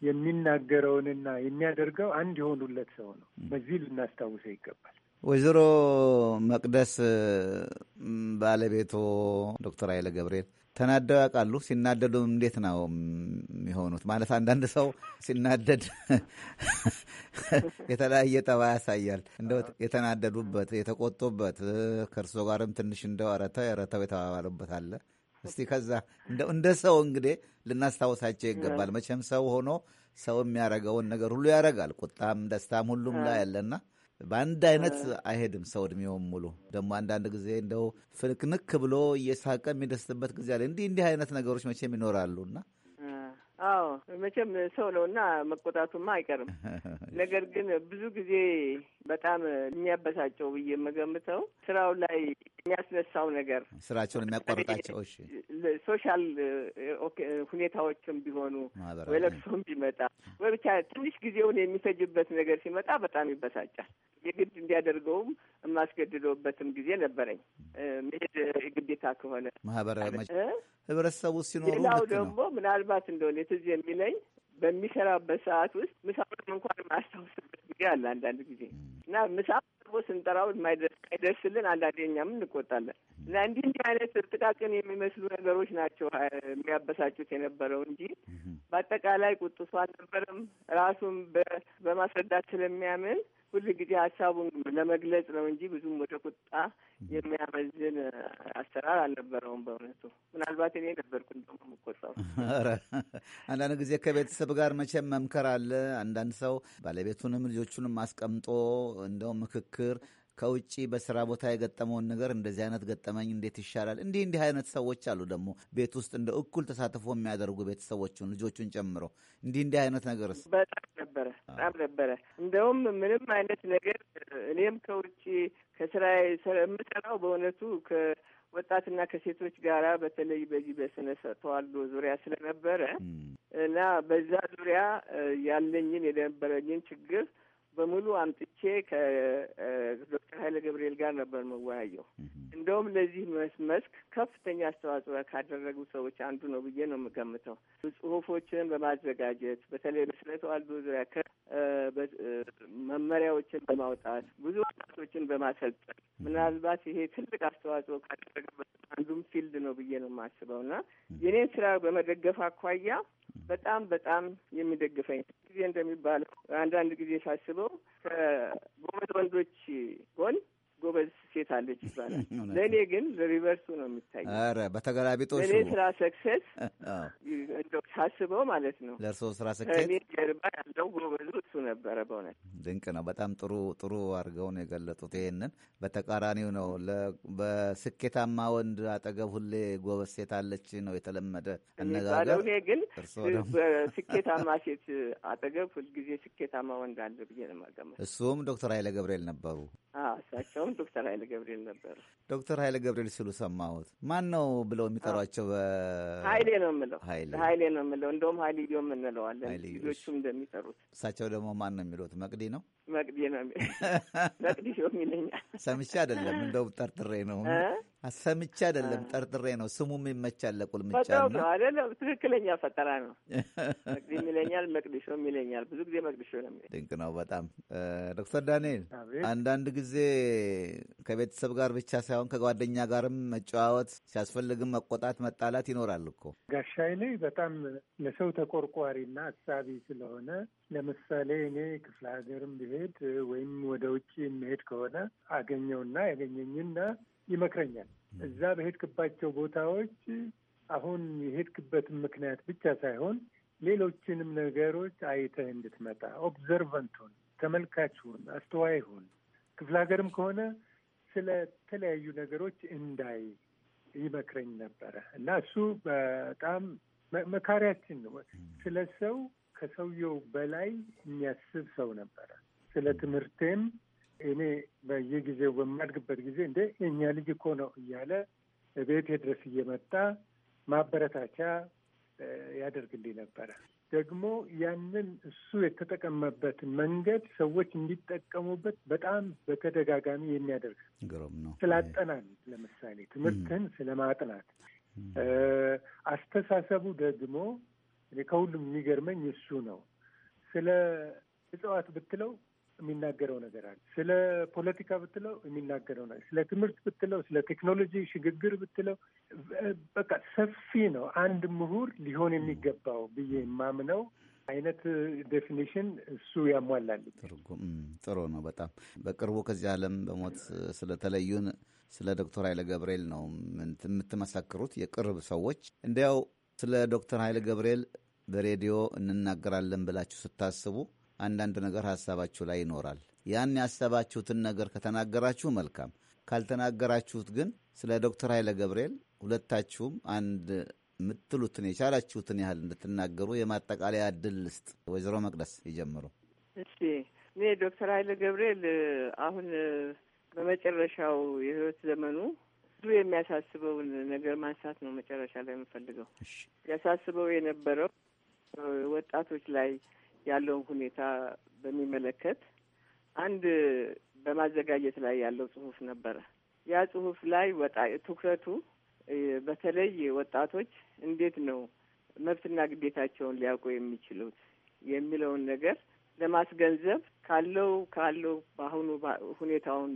የሚናገረውንና የሚያደርገው አንድ የሆኑለት ሰው ነው። በዚህ ልናስታውሰው ይገባል። ወይዘሮ መቅደስ ባለቤቶ ዶክተር ኃይለ ገብርኤል ተናደው ያውቃሉ? ሲናደዱ እንዴት ነው የሚሆኑት? ማለት አንዳንድ ሰው ሲናደድ [LAUGHS] የተለያየ ጠባ ያሳያል። እንደው የተናደዱበት የተቆጡበት፣ ከእርሶ ጋርም ትንሽ እንደው ኧረ ተው የተባባሉበት አለ? እስቲ ከዛ እንደ ሰው እንግዲህ ልናስታውሳቸው ይገባል። መቼም ሰው ሆኖ ሰው የሚያረገውን ነገር ሁሉ ያረጋል። ቁጣም ደስታም ሁሉም ላይ ያለና በአንድ አይነት አይሄድም ሰው እድሜውን ሙሉ። ደግሞ አንዳንድ ጊዜ እንደው ፍንክንክ ብሎ እየሳቀ የሚደስትበት ጊዜ አለ። እንዲህ እንዲህ አይነት ነገሮች መቼም ይኖራሉ እና አዎ መቼም ሰው ነው እና መቆጣቱማ አይቀርም። [LAUGHS] ነገር ግን ብዙ ጊዜ በጣም የሚያበሳጨው ብዬ የምገምተው ስራው ላይ የሚያስነሳው ነገር ስራቸውን የሚያቋርጣቸው እሺ፣ ሶሻል ሁኔታዎችም ቢሆኑ ወይ ለቅሶም ቢመጣ ወይ ብቻ ትንሽ ጊዜውን የሚፈጅበት ነገር ሲመጣ በጣም ይበሳጫል። የግድ እንዲያደርገውም የማስገድዶበትም ጊዜ ነበረኝ። መሄድ ግዴታ ከሆነ ማህበረ ህብረተሰቡ ሲኖሩ ሌላው ደግሞ ምናልባት እንደሆነ ትዝ የሚለኝ በሚሰራበት ሰዓት ውስጥ ምሳውን እንኳን ማስታወስበት ጊዜ አለ። አንዳንድ ጊዜ እና ምሳ ቀርቦ ስንጠራው የማይደርስልን አንዳንዴ እኛም እንቆጣለን። እና እንዲህ እንዲህ አይነት ጥቃቅን የሚመስሉ ነገሮች ናቸው የሚያበሳጩት የነበረው እንጂ በአጠቃላይ ቁጥሱ አልነበረም። ራሱም በማስረዳት ስለሚያምን ሁል ጊዜ ሀሳቡን ለመግለጽ ነው እንጂ ብዙም ወደ ቁጣ የሚያመዝን አሰራር አልነበረውም። በእውነቱ ምናልባት እኔ ነበርኩ እንደውም የምቆጣው። አንዳንድ ጊዜ ከቤተሰብ ጋር መቼም መምከር አለ። አንዳንድ ሰው ባለቤቱንም ልጆቹንም አስቀምጦ እንደውም ምክክር ከውጭ በስራ ቦታ የገጠመውን ነገር እንደዚህ አይነት ገጠመኝ እንዴት ይሻላል? እንዲህ እንዲህ አይነት ሰዎች አሉ ደግሞ ቤት ውስጥ እንደ እኩል ተሳትፎ የሚያደርጉ ቤተሰቦቹን ልጆቹን ጨምሮ እንዲህ እንዲህ አይነት ነገርስ በጣም ነበረ፣ በጣም ነበረ። እንደውም ምንም አይነት ነገር እኔም ከውጭ ከስራ የምጠራው በእውነቱ ወጣትና ከሴቶች ጋራ በተለይ በዚህ በስነ ተዋልዶ ዙሪያ ስለነበረ እና በዛ ዙሪያ ያለኝን የነበረኝን ችግር በሙሉ አምጥቼ ከዶክተር ኃይለ ገብርኤል ጋር ነበር መወያየው። እንደውም ለዚህ መስክ ከፍተኛ አስተዋጽኦ ካደረጉ ሰዎች አንዱ ነው ብዬ ነው የምገምተው። ጽሁፎችን በማዘጋጀት በተለይ በስነ ተዋልዶ ዙሪያ መመሪያዎችን በማውጣት ብዙ ወጣቶችን በማሰልጠን ምናልባት ይሄ ትልቅ አስተዋጽኦ ካደረገበት አንዱም ፊልድ ነው ብዬ ነው የማስበው እና የኔን ስራ በመደገፍ አኳያ በጣም በጣም የሚደግፈኝ ጊዜ እንደሚባለው አንዳንድ ጊዜ ሳስበው ከጎበዝ ወንዶች ጎን ጎበዝ ሴት አለች ይባላል። [LAUGHS] ለእኔ ግን በሪቨርሱ ነው የሚታይ። ኧረ በተገላቢጦሽ ለእኔ ስራ ሰክሰስ [LAUGHS] እንደው ሳስበው ማለት ነው። ለእርስዎ ስራ ሰክሰስ ከእኔ ጀርባ ያለው ጎበዙ እሱ ነበረ በእውነት ድንቅ ነው። በጣም ጥሩ ጥሩ አድርገውን የገለጡት ይህንን በተቃራኒው ነው። በስኬታማ ወንድ አጠገብ ሁሌ ጎበዝ ሴት አለች ነው የተለመደ አነጋገር። እኔ ግን ስኬታማ ሴት አጠገብ ሁልጊዜ ስኬታማ ወንድ አለ ብዬ ነው የማገመው። እሱም ዶክተር ኃይለ ገብርኤል ነበሩ። እሳቸውም ዶክተር ኃይለ ገብርኤል ነበሩ። ዶክተር ኃይለ ገብርኤል ሲሉ ሰማሁት። ማን ነው ብለው የሚጠሯቸው? ኃይሌ ነው የምለው ኃይሌ ነው የምለው። እንደውም ኃይልዮ የምንለዋለን ልጆቹም እንደሚጠሩት። እሳቸው ደግሞ ማን ነው የሚሉት? መቅዲ ነው መቅዲ ነው ነቅዲሾ [LAUGHS] ይለኛል። ሰምቼ አይደለም እንደው ጠርጥሬ ነው ሰምቼ አይደለም ጠርጥሬ ነው። ስሙም ይመቻል ለቁልምጫ ነው አይደለም? ትክክለኛ ፈጠራ ነው። መቅዲም ይለኛል፣ መቅዲሾም ይለኛል። ብዙ ጊዜ መቅዲሾ ነው። ድንቅ ነው በጣም ዶክተር ዳንኤል። አንዳንድ ጊዜ ከቤተሰብ ጋር ብቻ ሳይሆን ከጓደኛ ጋርም መጨዋወት ሲያስፈልግም መቆጣት፣ መጣላት ይኖራል እኮ። ጋሻይ ላይ በጣም ለሰው ተቆርቋሪና አሳቢ ስለሆነ ለምሳሌ እኔ ክፍለ ሀገርም ብሄድ ወይም ወደ ውጭ የሚሄድ ከሆነ አገኘውና ያገኘኝና ይመክረኛል። እዛ በሄድክባቸው ቦታዎች አሁን የሄድክበትን ምክንያት ብቻ ሳይሆን ሌሎችንም ነገሮች አይተህ እንድትመጣ ኦብዘርቨንት ሆን ተመልካች አስተዋይ ክፍለ ሀገርም ከሆነ ስለተለያዩ ነገሮች እንዳይ ይመክረኝ ነበረ እና እሱ በጣም መካሪያችን ነው። ስለ ሰው ከሰውየው በላይ የሚያስብ ሰው ነበረ። ስለ ትምህርቴም እኔ በየጊዜው በማድግበት ጊዜ እንደ የእኛ ልጅ እኮ ነው እያለ ቤቴ ድረስ እየመጣ ማበረታቻ ያደርግልኝ ነበረ። ደግሞ ያንን እሱ የተጠቀመበትን መንገድ ሰዎች እንዲጠቀሙበት በጣም በተደጋጋሚ የሚያደርግ ግሩም ነው። ስላጠናን ለምሳሌ ትምህርትን ስለማጥናት አስተሳሰቡ ደግሞ ከሁሉም የሚገርመኝ እሱ ነው። ስለ እጽዋት ብትለው የሚናገረው ነገር አለ። ስለ ፖለቲካ ብትለው የሚናገረው ነገር፣ ስለ ትምህርት ብትለው፣ ስለ ቴክኖሎጂ ሽግግር ብትለው፣ በቃ ሰፊ ነው። አንድ ምሁር ሊሆን የሚገባው ብዬ የማምነው አይነት ዴፊኒሽን እሱ ያሟላል። ትርጉም ጥሩ ነው። በጣም በቅርቡ ከዚህ ዓለም በሞት ስለተለዩን ስለ ዶክተር ኃይለ ገብርኤል ነው የምትመሰክሩት የቅርብ ሰዎች። እንዲያው ስለ ዶክተር ኃይለ ገብርኤል በሬዲዮ እንናገራለን ብላችሁ ስታስቡ አንዳንድ ነገር ሀሳባችሁ ላይ ይኖራል። ያን ያሰባችሁትን ነገር ከተናገራችሁ መልካም፣ ካልተናገራችሁት ግን ስለ ዶክተር ኃይለ ገብርኤል ሁለታችሁም አንድ የምትሉትን የቻላችሁትን ያህል እንድትናገሩ የማጠቃለያ እድል ልስጥ። ወይዘሮ መቅደስ ይጀምሩ። እሺ፣ እኔ ዶክተር ኃይለ ገብርኤል አሁን በመጨረሻው የህይወት ዘመኑ ብዙ የሚያሳስበውን ነገር ማንሳት ነው መጨረሻ ላይ የምፈልገው። ያሳስበው የነበረው ወጣቶች ላይ ያለውን ሁኔታ በሚመለከት አንድ በማዘጋጀት ላይ ያለው ጽሁፍ ነበረ። ያ ጽሁፍ ላይ ወጣ ትኩረቱ በተለይ ወጣቶች እንዴት ነው መብትና ግዴታቸውን ሊያውቁ የሚችሉት የሚለውን ነገር ለማስገንዘብ ካለው ካለው በአሁኑ ሁኔታውን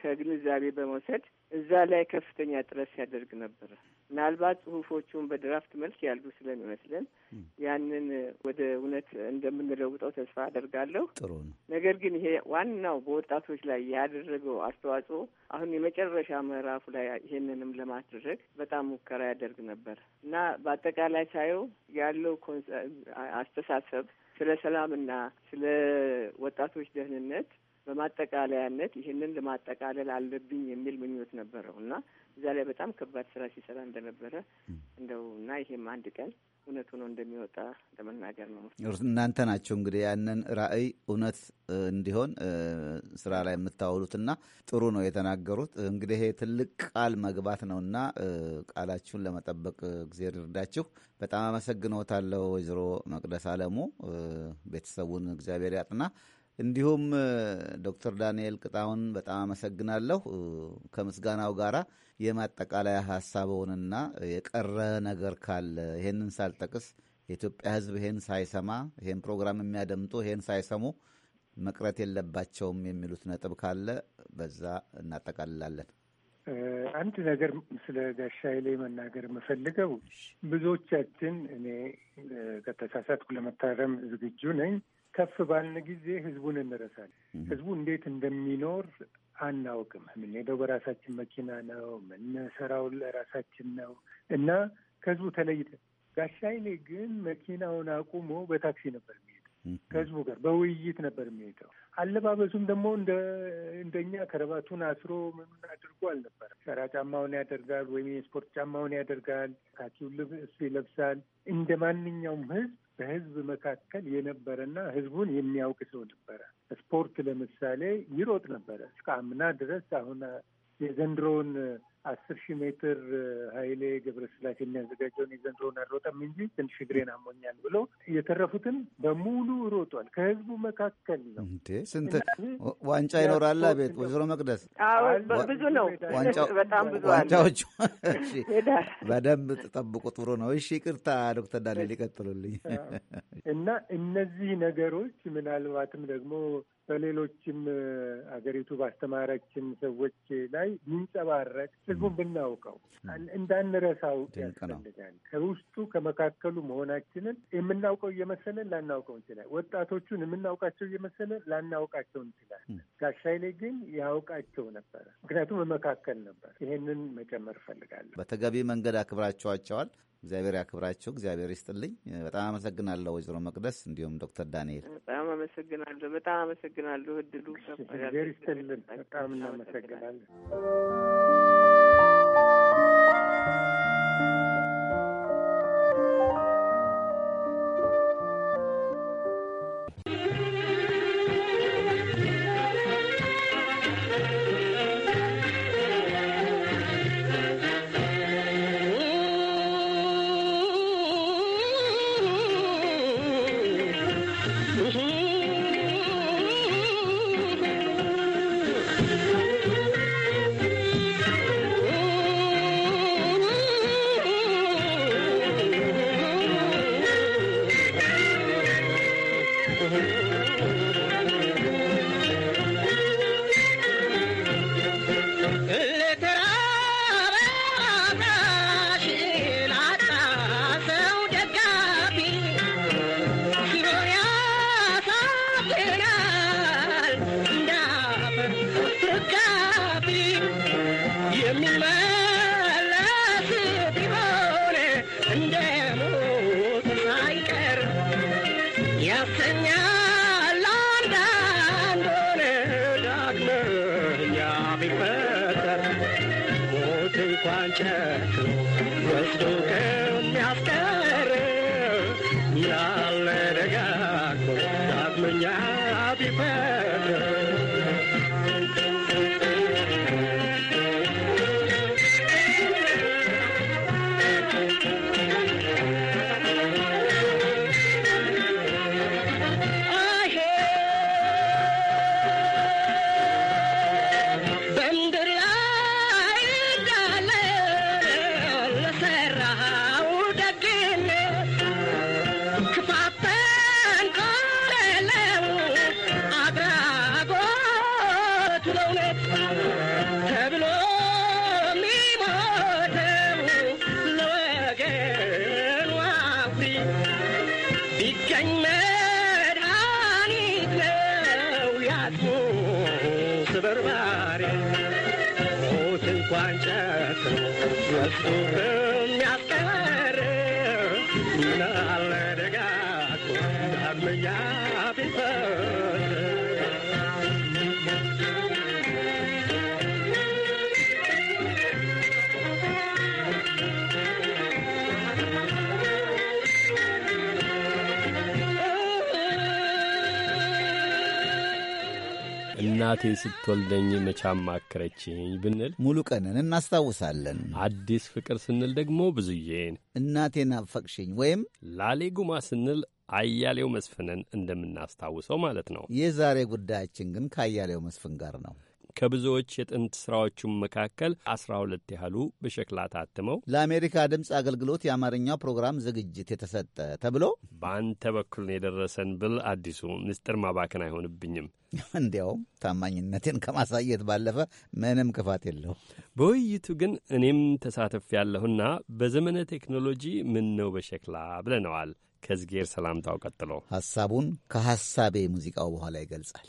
ከግንዛቤ በመውሰድ እዛ ላይ ከፍተኛ ጥረት ሲያደርግ ነበረ። ምናልባት ጽሁፎቹን በድራፍት መልክ ያሉ ስለሚመስለን ያንን ወደ እውነት እንደምንለውጠው ተስፋ አደርጋለሁ። ጥሩ ነው። ነገር ግን ይሄ ዋናው በወጣቶች ላይ ያደረገው አስተዋጽኦ አሁን የመጨረሻ ምዕራፉ ላይ ይሄንንም ለማድረግ በጣም ሙከራ ያደርግ ነበር እና በአጠቃላይ ሳየው ያለው አስተሳሰብ ስለ ሰላምና ስለ ወጣቶች ደህንነት በማጠቃለያነት ይህንን ለማጠቃለል አለብኝ የሚል ምኞት ነበረው እና እዚያ ላይ በጣም ከባድ ስራ ሲሰራ እንደነበረ እንደው እና ይሄም አንድ ቀን እውነት ሆኖ እንደሚወጣ ለመናገር ነው። እናንተ ናቸው እንግዲህ ያንን ራዕይ እውነት እንዲሆን ስራ ላይ የምታውሉትና ጥሩ ነው የተናገሩት። እንግዲህ ይሄ ትልቅ ቃል መግባት እና ቃላችሁን ለመጠበቅ እግዜር ይርዳችሁ። በጣም አመሰግኖታለሁ ወይዘሮ መቅደስ አለሙ። ቤተሰቡን እግዚአብሔር ያጥና። እንዲሁም ዶክተር ዳንኤል ቅጣውን በጣም አመሰግናለሁ። ከምስጋናው ጋራ የማጠቃለያ ሀሳበውንና የቀረ ነገር ካለ ይሄንን ሳልጠቅስ የኢትዮጵያ ሕዝብ ይሄን ሳይሰማ ይሄን ፕሮግራም የሚያደምጡ ይሄን ሳይሰሙ መቅረት የለባቸውም የሚሉት ነጥብ ካለ በዛ እናጠቃልላለን። አንድ ነገር ስለ ጋሻዬ ላይ መናገር የምፈልገው ብዙዎቻችን እኔ ከተሳሳትኩ ለመታረም ዝግጁ ነኝ ከፍ ባልን ጊዜ ህዝቡን እንረሳለን። ህዝቡ እንዴት እንደሚኖር አናውቅም። የምንሄደው በራሳችን መኪና ነው፣ የምንሰራው ለራሳችን ነው እና ከህዝቡ ተለይተን ጋሻይኔ ግን መኪናውን አቁሞ በታክሲ ነበር የሚሄደው ከህዝቡ ጋር በውይይት ነበር የሚሄደው። አለባበሱም ደግሞ እንደኛ ከረባቱን አስሮ ምኑን አድርጎ አልነበረም። ሸራ ጫማውን ያደርጋል ወይም የስፖርት ጫማውን ያደርጋል፣ ካኪውን ልብስ ይለብሳል እንደ ማንኛውም ህዝብ በህዝብ መካከል የነበረና ህዝቡን የሚያውቅ ሰው ነበረ። ስፖርት ለምሳሌ ይሮጥ ነበረ እስከ አምና ድረስ። አሁን የዘንድሮውን አስር ሺህ ሜትር ኃይሌ ገብረስላሴ የሚያዘጋጀውን የዘንድሮን አልሮጠም እንጂ ትንሽ እግሬን አሞኛል ብሎ የተረፉትን በሙሉ ሮጧል። ከህዝቡ መካከል ነው። እንዴ ስንት ዋንጫ ይኖራል? ቤት ወይዘሮ መቅደስ ብዙ ነው፣ [LAUGHS] በጣም ብዙ ዋንጫዎቹ። [LAUGHS] በደንብ ጠብቁ። ጥሩ ነው። እሺ ቅርታ ዶክተር ዳንኤል ይቀጥሉልኝ እና እነዚህ ነገሮች ምናልባትም ደግሞ በሌሎችም አገሪቱ ባስተማረችን ሰዎች ላይ ሚንጸባረቅ ህዝቡን ብናውቀው እንዳንረሳው ያስፈልጋል። ከውስጡ ከመካከሉ መሆናችንን የምናውቀው እየመሰለን ላናውቀው እንችላል። ወጣቶቹን የምናውቃቸው እየመሰለን ላናውቃቸው እንችላል። ጋሻይ ግን ያውቃቸው ነበረ፣ ምክንያቱም መካከል ነበር። ይሄንን መጨመር እፈልጋለሁ። በተገቢ መንገድ አክብራቸዋቸዋል። እግዚአብሔር ያክብራቸው፣ እግዚአብሔር ይስጥልኝ። በጣም አመሰግናለሁ ወይዘሮ መቅደስ እንዲሁም ዶክተር ዳንኤል በጣም አመሰግናለሁ። በጣም አመሰግናለሁ። እድሉ እግዚአብሔር ይስጥልን። በጣም እናመሰግናለን። Krishna, yes, do care. እናቴ ስትወልደኝ መቻም ማከረችኝ ብንል ሙሉ ቀንን እናስታውሳለን። አዲስ ፍቅር ስንል ደግሞ ብዙዬን እናቴ ናፈቅሽኝ ወይም ላሌ ጉማ ስንል አያሌው መስፍንን እንደምናስታውሰው ማለት ነው። የዛሬ ጉዳያችን ግን ከአያሌው መስፍን ጋር ነው። ከብዙዎች የጥንት ሥራዎቹም መካከል አስራ ሁለት ያህሉ በሸክላ ታትመው ለአሜሪካ ድምፅ አገልግሎት የአማርኛው ፕሮግራም ዝግጅት የተሰጠ ተብሎ በአንተ በኩል የደረሰን ብል አዲሱ ምስጢር ማባከን አይሆንብኝም። እንዲያውም ታማኝነቴን ከማሳየት ባለፈ ምንም ክፋት የለው። በውይይቱ ግን እኔም ተሳተፍ ያለሁና በዘመነ ቴክኖሎጂ ምን ነው በሸክላ ብለነዋል። ከዝጌር ሰላምታው ቀጥሎ ሐሳቡን ከሐሳቤ ሙዚቃው በኋላ ይገልጻል።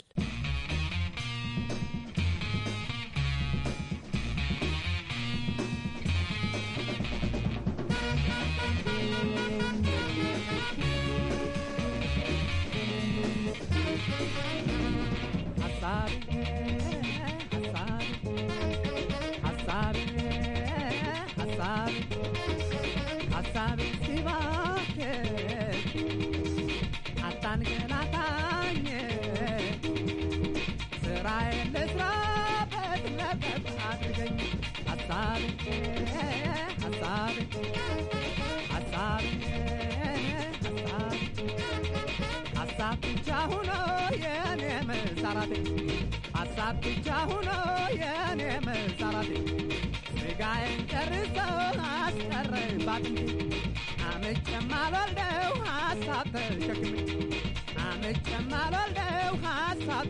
አሁኖ የኔ መዛራት ስጋዬን ጨርሰው እንጂ ሀሳብ ሀሳብ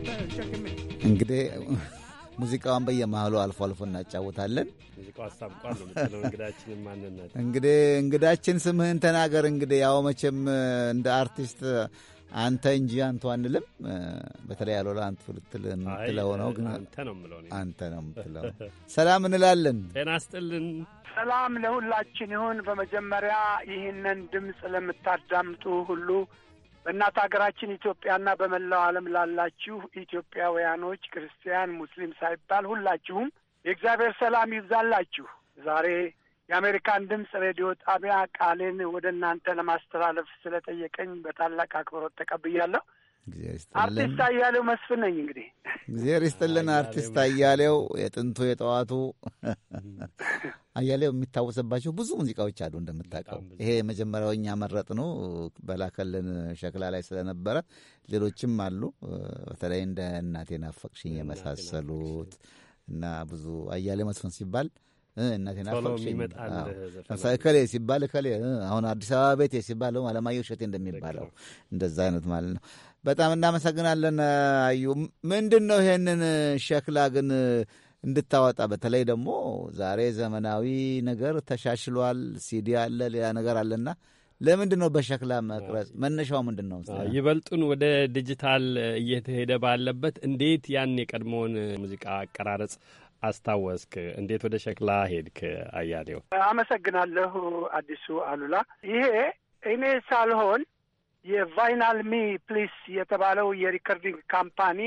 እንግዲህ ሙዚቃውን በየመሃሉ አልፎ አልፎ እናጫወታለን። እንግዳችን እንግዲህ እንግዳችን ስምህን ተናገር። እንግዲህ ያው መቼም እንደ አርቲስት አንተ እንጂ አንቱ አንልም። በተለይ አሎላ አንቱ ልትል ምትለው ነው፣ ግን አንተ ነው ምለው፣ አንተ ነው ምትለው። [LAUGHS] ሰላም እንላለን። ጤና ስጥልን። ሰላም ለሁላችን ይሁን። በመጀመሪያ ይህንን ድምፅ ለምታዳምጡ ሁሉ በእናት ሀገራችን ኢትዮጵያና በመላው ዓለም ላላችሁ ኢትዮጵያውያኖች ክርስቲያን፣ ሙስሊም ሳይባል ሁላችሁም የእግዚአብሔር ሰላም ይብዛላችሁ። ዛሬ የአሜሪካን ድምፅ ሬዲዮ ጣቢያ ቃሌን ወደ እናንተ ለማስተላለፍ ስለጠየቀኝ በታላቅ አክብሮት ተቀብያለሁ። አርቲስት አያሌው መስፍን ነኝ። እንግዲህ እግዚአብሔር ይስጥልን። አርቲስት አያሌው የጥንቱ የጠዋቱ [LAUGHS] አያሌው የሚታወሰባቸው ብዙ ሙዚቃዎች አሉ እንደምታውቀው። ይሄ የመጀመሪያው እኛ መረጥ ነው በላከልን ሸክላ ላይ ስለነበረ ሌሎችም አሉ። በተለይ እንደ እናቴ ናፈቅሽኝ የመሳሰሉት እና ብዙ አያሌው መስፍን ሲባል እናቴ ናፈቅሽኝ እከሌ ሲባል እከሌ አሁን አዲስ አበባ ቤት ሲባለው አለማየሁ እሸቴ እንደሚባለው እንደዛ አይነት ማለት ነው። በጣም እናመሰግናለን አዩ። ምንድን ነው ይሄንን ሸክላ ግን እንድታወጣ በተለይ ደግሞ ዛሬ ዘመናዊ ነገር ተሻሽሏል፣ ሲዲ አለ፣ ሌላ ነገር አለና ለምንድን ነው በሸክላ መቅረጽ መነሻው ምንድን ነው? ይበልጡን ወደ ዲጂታል እየተሄደ ባለበት እንዴት ያን የቀድሞውን ሙዚቃ አቀራረጽ አስታወስክ። እንዴት ወደ ሸክላ ሄድክ? አያሌው አመሰግናለሁ። አዲሱ አሉላ፣ ይሄ እኔ ሳልሆን የቫይናል ሚ ፕሊስ የተባለው የሪከርዲንግ ካምፓኒ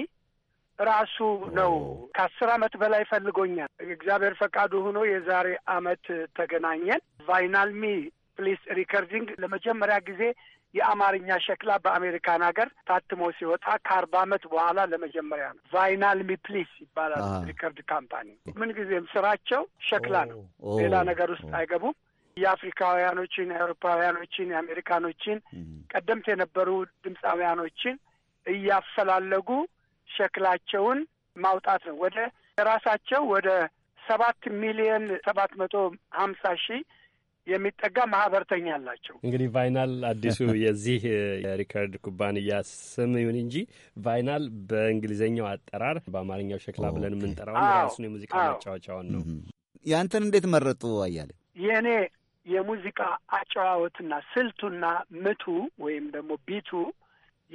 ራሱ ነው። ከአስር አመት በላይ ፈልጎኛል። እግዚአብሔር ፈቃዱ ሆኖ የዛሬ አመት ተገናኘን። ቫይናል ሚ ፕሊስ ሪከርዲንግ ለመጀመሪያ ጊዜ የአማርኛ ሸክላ በአሜሪካን ሀገር ታትሞ ሲወጣ ከአርባ ዓመት በኋላ ለመጀመሪያ ነው። ቫይናል ሚፕሊስ ይባላል ሪከርድ ካምፓኒ። ምንጊዜም ስራቸው ሸክላ ነው። ሌላ ነገር ውስጥ አይገቡም። የአፍሪካውያኖችን፣ የአውሮፓውያኖችን፣ የአሜሪካኖችን ቀደምት የነበሩ ድምፃውያኖችን እያፈላለጉ ሸክላቸውን ማውጣት ነው። ወደ የራሳቸው ወደ ሰባት ሚሊየን ሰባት መቶ ሀምሳ ሺህ የሚጠጋ ማህበርተኛ አላቸው። እንግዲህ ቫይናል አዲሱ [LAUGHS] የዚህ የሪከርድ ኩባንያ ስም ይሁን እንጂ ቫይናል በእንግሊዝኛው አጠራር በአማርኛው ሸክላ ብለን የምንጠራውን የራሱን የሙዚቃ ማጫወቻውን ነው። ያንተን እንዴት መረጡ አያሌ? የእኔ የሙዚቃ አጨዋወትና ስልቱና ምቱ ወይም ደግሞ ቢቱ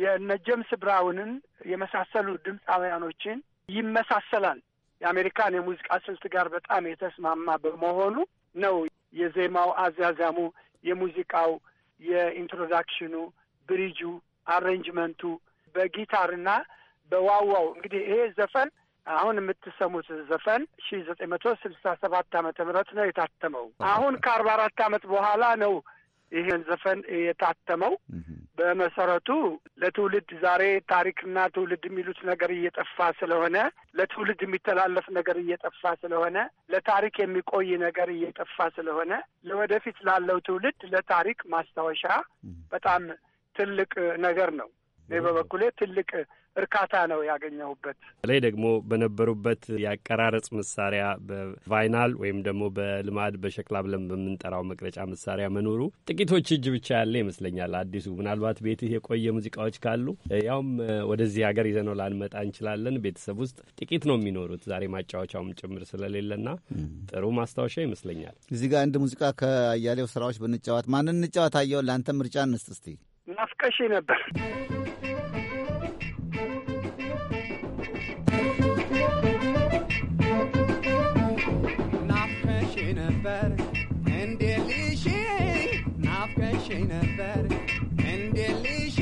የነ ጀምስ ብራውንን የመሳሰሉ ድምፃውያኖችን ይመሳሰላል። የአሜሪካን የሙዚቃ ስልት ጋር በጣም የተስማማ በመሆኑ ነው የዜማው አዛዛሙ፣ የሙዚቃው፣ የኢንትሮዳክሽኑ፣ ብሪጁ፣ አሬንጅመንቱ በጊታርና በዋዋው እንግዲህ ይሄ ዘፈን አሁን የምትሰሙት ዘፈን ሺ ዘጠኝ መቶ ስልሳ ሰባት አመተ ምህረት ነው የታተመው። አሁን ከአርባ አራት ዓመት በኋላ ነው ይህን ዘፈን የታተመው በመሰረቱ ለትውልድ ዛሬ ታሪክና ትውልድ የሚሉት ነገር እየጠፋ ስለሆነ ለትውልድ የሚተላለፍ ነገር እየጠፋ ስለሆነ ለታሪክ የሚቆይ ነገር እየጠፋ ስለሆነ ለወደፊት ላለው ትውልድ ለታሪክ ማስታወሻ በጣም ትልቅ ነገር ነው። እኔ በበኩሌ ትልቅ እርካታ ነው ያገኘሁበት። በተለይ ደግሞ በነበሩበት የአቀራረጽ መሳሪያ በቫይናል ወይም ደግሞ በልማድ በሸክላ ብለን በምንጠራው መቅረጫ መሳሪያ መኖሩ ጥቂቶች እጅ ብቻ ያለ ይመስለኛል። አዲሱ ምናልባት ቤትህ የቆየ ሙዚቃዎች ካሉ ያውም ወደዚህ ሀገር ይዘነው ላንመጣ እንችላለን። ቤተሰብ ውስጥ ጥቂት ነው የሚኖሩት ዛሬ ማጫወቻውም ጭምር ስለሌለና ጥሩ ማስታወሻ ይመስለኛል። እዚህ ጋር አንድ ሙዚቃ ከአያሌው ስራዎች ብንጫወት ማንን እንጫወት? አየው ለአንተ ምርጫ እንስጥ እስቲ ናፍቀሽ ነበር። ናፍቀሽ ነበር እንዴ ልሽ ናፍቀሽ ነበር እንዴ ልሽ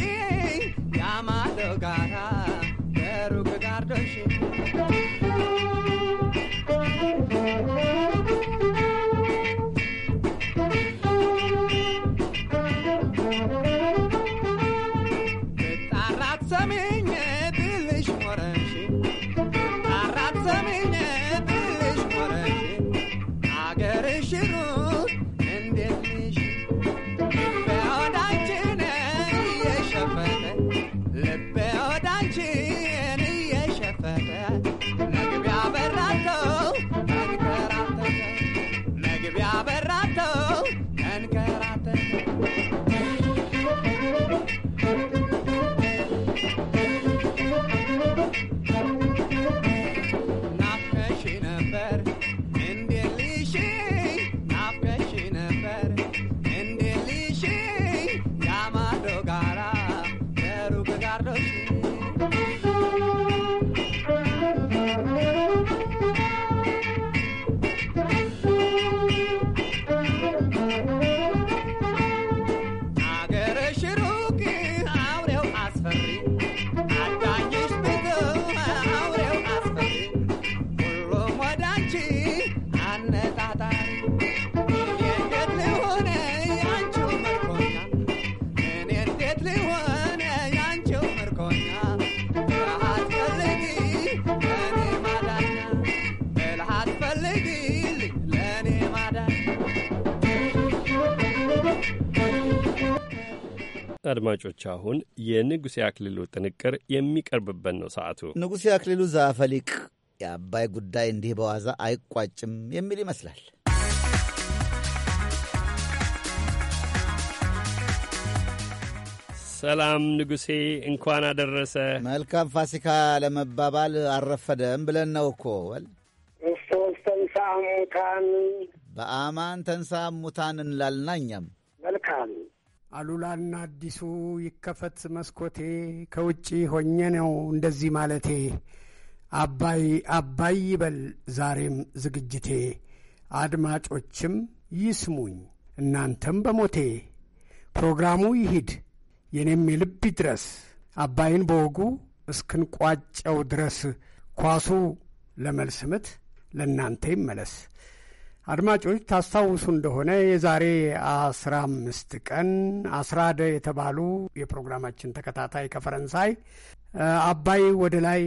ያማለው ጋራ አድማጮች አሁን የንጉሴ አክሊሉ ጥንቅር የሚቀርብበት ነው ሰዓቱ። ንጉሴ አክሊሉ ዛፈሊቅ የአባይ ጉዳይ እንዲህ በዋዛ አይቋጭም የሚል ይመስላል። ሰላም ንጉሴ፣ እንኳን አደረሰ። መልካም ፋሲካ ለመባባል አረፈደም ብለን ነው እኮ ወል ክርስቶስ በአማን ተንሳ ሙታን እንላልና እኛም መልካም አሉላና አዲሱ ይከፈት መስኮቴ ከውጪ ሆኜ ነው እንደዚህ ማለቴ አባይ አባይ ይበል ዛሬም ዝግጅቴ አድማጮችም ይስሙኝ እናንተም በሞቴ ፕሮግራሙ ይሂድ የኔም የልብ ይድረስ አባይን በወጉ እስክንቋጨው ድረስ ኳሱ ለመልስ ምት ለእናንተ ይመለስ። አድማጮች ታስታውሱ እንደሆነ የዛሬ አስራ አምስት ቀን አስራደ የተባሉ የፕሮግራማችን ተከታታይ ከፈረንሳይ አባይ ወደ ላይ